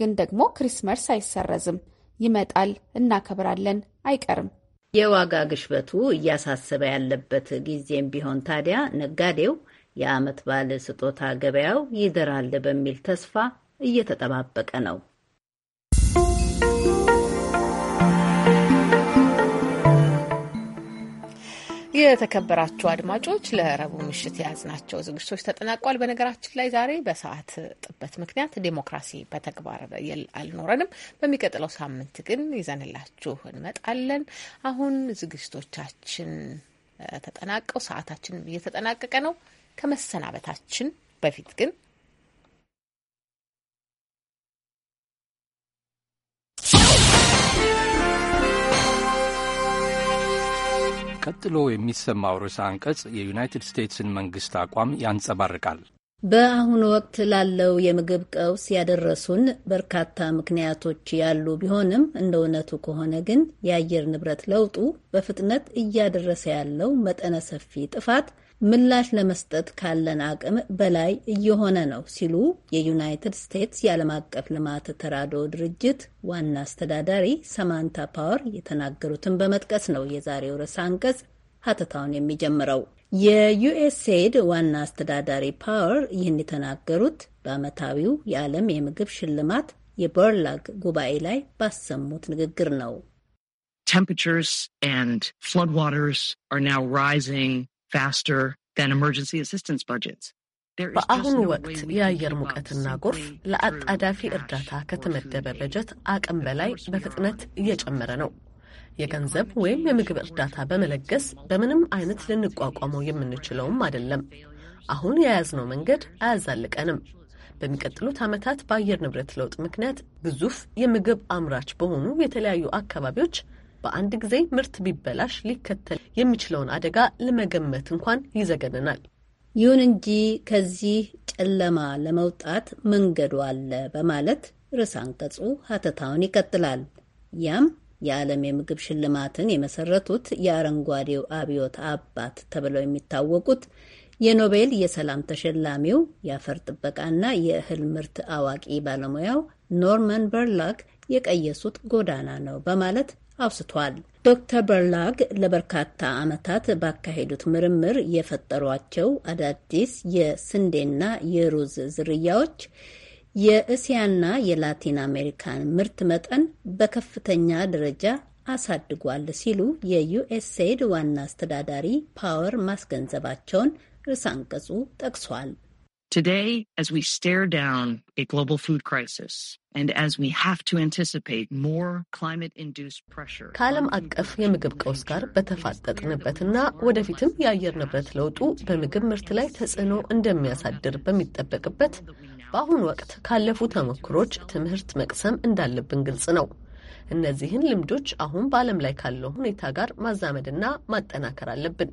ግን ደግሞ ክሪስመስ አይሰረዝም። ይመጣል፣ እናከብራለን፣ አይቀርም። የዋጋ ግሽበቱ እያሳሰበ ያለበት ጊዜም ቢሆን ታዲያ ነጋዴው የዓመት በዓል ስጦታ ገበያው ይደራል በሚል ተስፋ እየተጠባበቀ ነው። የተከበራችሁ አድማጮች ለረቡ ምሽት የያዝናቸው ዝግጅቶች ተጠናቋል። በነገራችን ላይ ዛሬ በሰዓት ጥበት ምክንያት ዴሞክራሲ በተግባር አልኖረንም። በሚቀጥለው ሳምንት ግን ይዘንላችሁ እንመጣለን። አሁን ዝግጅቶቻችን ተጠናቀው ሰዓታችን እየተጠናቀቀ ነው። ከመሰናበታችን በፊት ግን ቀጥሎ የሚሰማው ርዕሰ አንቀጽ የዩናይትድ ስቴትስን መንግስት አቋም ያንጸባርቃል። በአሁኑ ወቅት ላለው የምግብ ቀውስ ያደረሱን በርካታ ምክንያቶች ያሉ ቢሆንም እንደ እውነቱ ከሆነ ግን የአየር ንብረት ለውጡ በፍጥነት እያደረሰ ያለው መጠነ ሰፊ ጥፋት ምላሽ ለመስጠት ካለን አቅም በላይ እየሆነ ነው ሲሉ የዩናይትድ ስቴትስ የዓለም አቀፍ ልማት ተራድኦ ድርጅት ዋና አስተዳዳሪ ሰማንታ ፓወር የተናገሩትን በመጥቀስ ነው የዛሬው ርዕሰ አንቀጽ ሀተታውን የሚጀምረው። የዩኤስኤድ ዋና አስተዳዳሪ ፓወር ይህን የተናገሩት በዓመታዊው የዓለም የምግብ ሽልማት የበርላግ ጉባኤ ላይ ባሰሙት ንግግር ነው። በአሁኑ ወቅት የአየር ሙቀትና ጎርፍ ለአጣዳፊ እርዳታ ከተመደበ በጀት አቅም በላይ በፍጥነት እየጨመረ ነው። የገንዘብ ወይም የምግብ እርዳታ በመለገስ በምንም አይነት ልንቋቋመው የምንችለውም አይደለም። አሁን የያዝነው መንገድ አያዛልቀንም። በሚቀጥሉት ዓመታት በአየር ንብረት ለውጥ ምክንያት ግዙፍ የምግብ አምራች በሆኑ የተለያዩ አካባቢዎች በአንድ ጊዜ ምርት ቢበላሽ ሊከተል የሚችለውን አደጋ ለመገመት እንኳን ይዘገንናል። ይሁን እንጂ ከዚህ ጨለማ ለመውጣት መንገዱ አለ በማለት ርዕሰ አንቀጹ ሀተታውን ይቀጥላል። ያም የዓለም የምግብ ሽልማትን የመሰረቱት የአረንጓዴው አብዮት አባት ተብለው የሚታወቁት የኖቤል የሰላም ተሸላሚው የአፈር ጥበቃና የእህል ምርት አዋቂ ባለሙያው ኖርመን በርላግ የቀየሱት ጎዳና ነው በማለት አውስቷል። ዶክተር በርላግ ለበርካታ ዓመታት ባካሄዱት ምርምር የፈጠሯቸው አዳዲስ የስንዴና የሩዝ ዝርያዎች የእስያና የላቲን አሜሪካን ምርት መጠን በከፍተኛ ደረጃ አሳድጓል ሲሉ የዩኤስኤድ ዋና አስተዳዳሪ ፓወር ማስገንዘባቸውን ርዕሰ አንቀጹ ጠቅሷል። Today, as we stare down a global food crisis and as we have to anticipate more climate-induced pressure ከዓለም አቀፍ የምግብ ቀውስ ጋር በተፋጠጥንበትና ወደፊትም የአየር ንብረት ለውጡ በምግብ ምርት ላይ ተጽዕኖ እንደሚያሳድር በሚጠበቅበት በአሁኑ ወቅት ካለፉ ተሞክሮች ትምህርት መቅሰም እንዳለብን ግልጽ ነው። እነዚህን ልምዶች አሁን በዓለም ላይ ካለው ሁኔታ ጋር ማዛመድና ማጠናከር አለብን።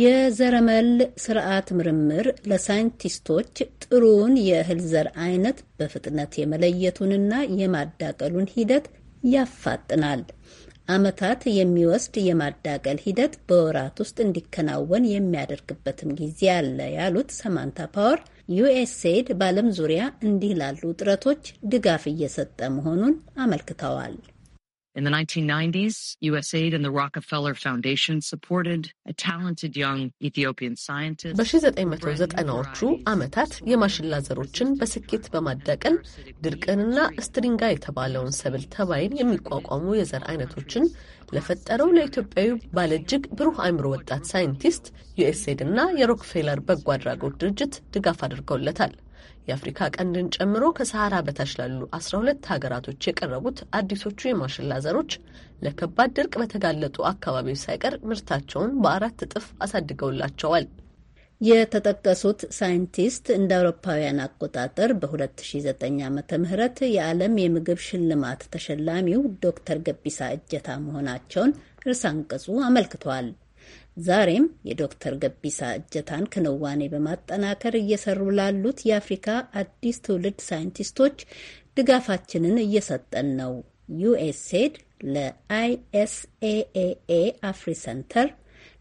የዘረመል ስርዓት ምርምር ለሳይንቲስቶች ጥሩውን የእህል ዘር አይነት በፍጥነት የመለየቱንና የማዳቀሉን ሂደት ያፋጥናል። ዓመታት የሚወስድ የማዳቀል ሂደት በወራት ውስጥ እንዲከናወን የሚያደርግበትም ጊዜ አለ ያሉት ሰማንታ ፓወር ዩኤስኤድ በዓለም ዙሪያ እንዲህ ላሉ ጥረቶች ድጋፍ እየሰጠ መሆኑን አመልክተዋል። In the 1990s, USAID and the Rockefeller Foundation supported a talented young Ethiopian scientist. በ1990ዎቹ ዓመታት የማሽላ ዘሮችን በስኬት በማዳቀል ድርቅንና ስትሪንጋ የተባለውን ሰብል ተባይን የሚቋቋሙ የዘር አይነቶችን ለፈጠረው ለኢትዮጵያዊ ባለእጅግ ብሩህ አእምሮ ወጣት ሳይንቲስት ዩኤስኤድ እና የሮክፌለር በጎ አድራጎት ድርጅት ድጋፍ አድርገውለታል። የአፍሪካ ቀንድን ጨምሮ ከሰሃራ በታች ላሉ 12 ሀገራቶች የቀረቡት አዲሶቹ የማሽላ ዘሮች ለከባድ ድርቅ በተጋለጡ አካባቢዎች ሳይቀር ምርታቸውን በአራት እጥፍ አሳድገውላቸዋል። የተጠቀሱት ሳይንቲስት እንደ አውሮፓውያን አቆጣጠር በ2009 ዓ ም የዓለም የምግብ ሽልማት ተሸላሚው ዶክተር ገቢሳ እጀታ መሆናቸውን እርስ አንቀጹ አመልክቷል። ዛሬም የዶክተር ገቢሳ እጀታን ክንዋኔ በማጠናከር እየሰሩ ላሉት የአፍሪካ አዲስ ትውልድ ሳይንቲስቶች ድጋፋችንን እየሰጠን ነው። ዩኤስኤድ ለአይኤስኤኤኤ አፍሪ ሰንተር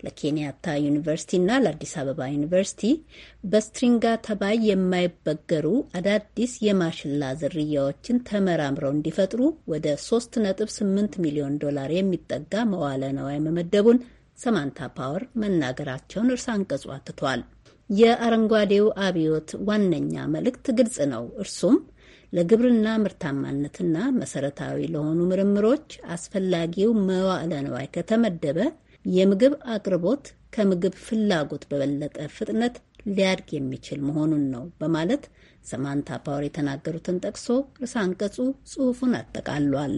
ለኬንያታ ዩኒቨርሲቲና ለአዲስ አበባ ዩኒቨርሲቲ በስትሪንጋ ተባይ የማይበገሩ አዳዲስ የማሽላ ዝርያዎችን ተመራምረው እንዲፈጥሩ ወደ 3.8 ሚሊዮን ዶላር የሚጠጋ መዋለ ነዋይ መመደቡን ሰማንታ ፓወር መናገራቸውን እርሳ አንቀጹ አትቷል። የአረንጓዴው አብዮት ዋነኛ መልእክት ግልጽ ነው። እርሱም ለግብርና ምርታማነትና መሰረታዊ ለሆኑ ምርምሮች አስፈላጊው መዋዕለ ንዋይ ከተመደበ የምግብ አቅርቦት ከምግብ ፍላጎት በበለጠ ፍጥነት ሊያድግ የሚችል መሆኑን ነው በማለት ሰማንታ ፓወር የተናገሩትን ጠቅሶ ርዕሰ አንቀጹ ጽሑፉን አጠቃሏል።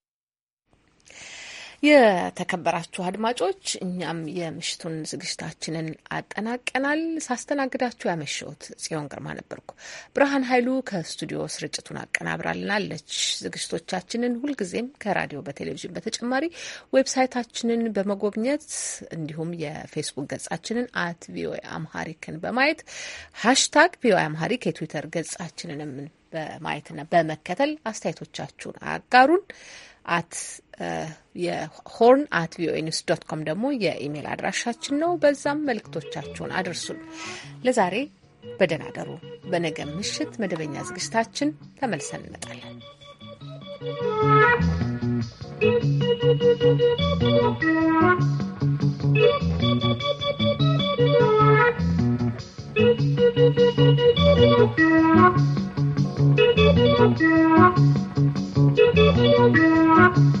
የተከበራችሁ አድማጮች እኛም የምሽቱን ዝግጅታችንን አጠናቀናል። ሳስተናግዳችሁ ያመሸሁት ጽዮን ግርማ ነበርኩ። ብርሃን ኃይሉ ከስቱዲዮ ስርጭቱን አቀናብራልናለች። ዝግጅቶቻችንን ሁልጊዜም ከራዲዮ በቴሌቪዥን በተጨማሪ ዌብሳይታችንን በመጎብኘት እንዲሁም የፌስቡክ ገጻችንን አት ቪኦኤ አምሃሪክን በማየት ሃሽታግ ቪኦኤ አምሃሪክ የትዊተር ገጻችንንም በማየትና በመከተል አስተያየቶቻችሁን አጋሩን አት የሆርን አት ቪኦኤ ኒውስ ዶት ኮም ደግሞ የኢሜይል አድራሻችን ነው። በዛም መልእክቶቻችሁን አድርሱን። ለዛሬ በደህና አደሩ። በነገ ምሽት መደበኛ ዝግጅታችን ተመልሰን እንመጣለን። Thank you.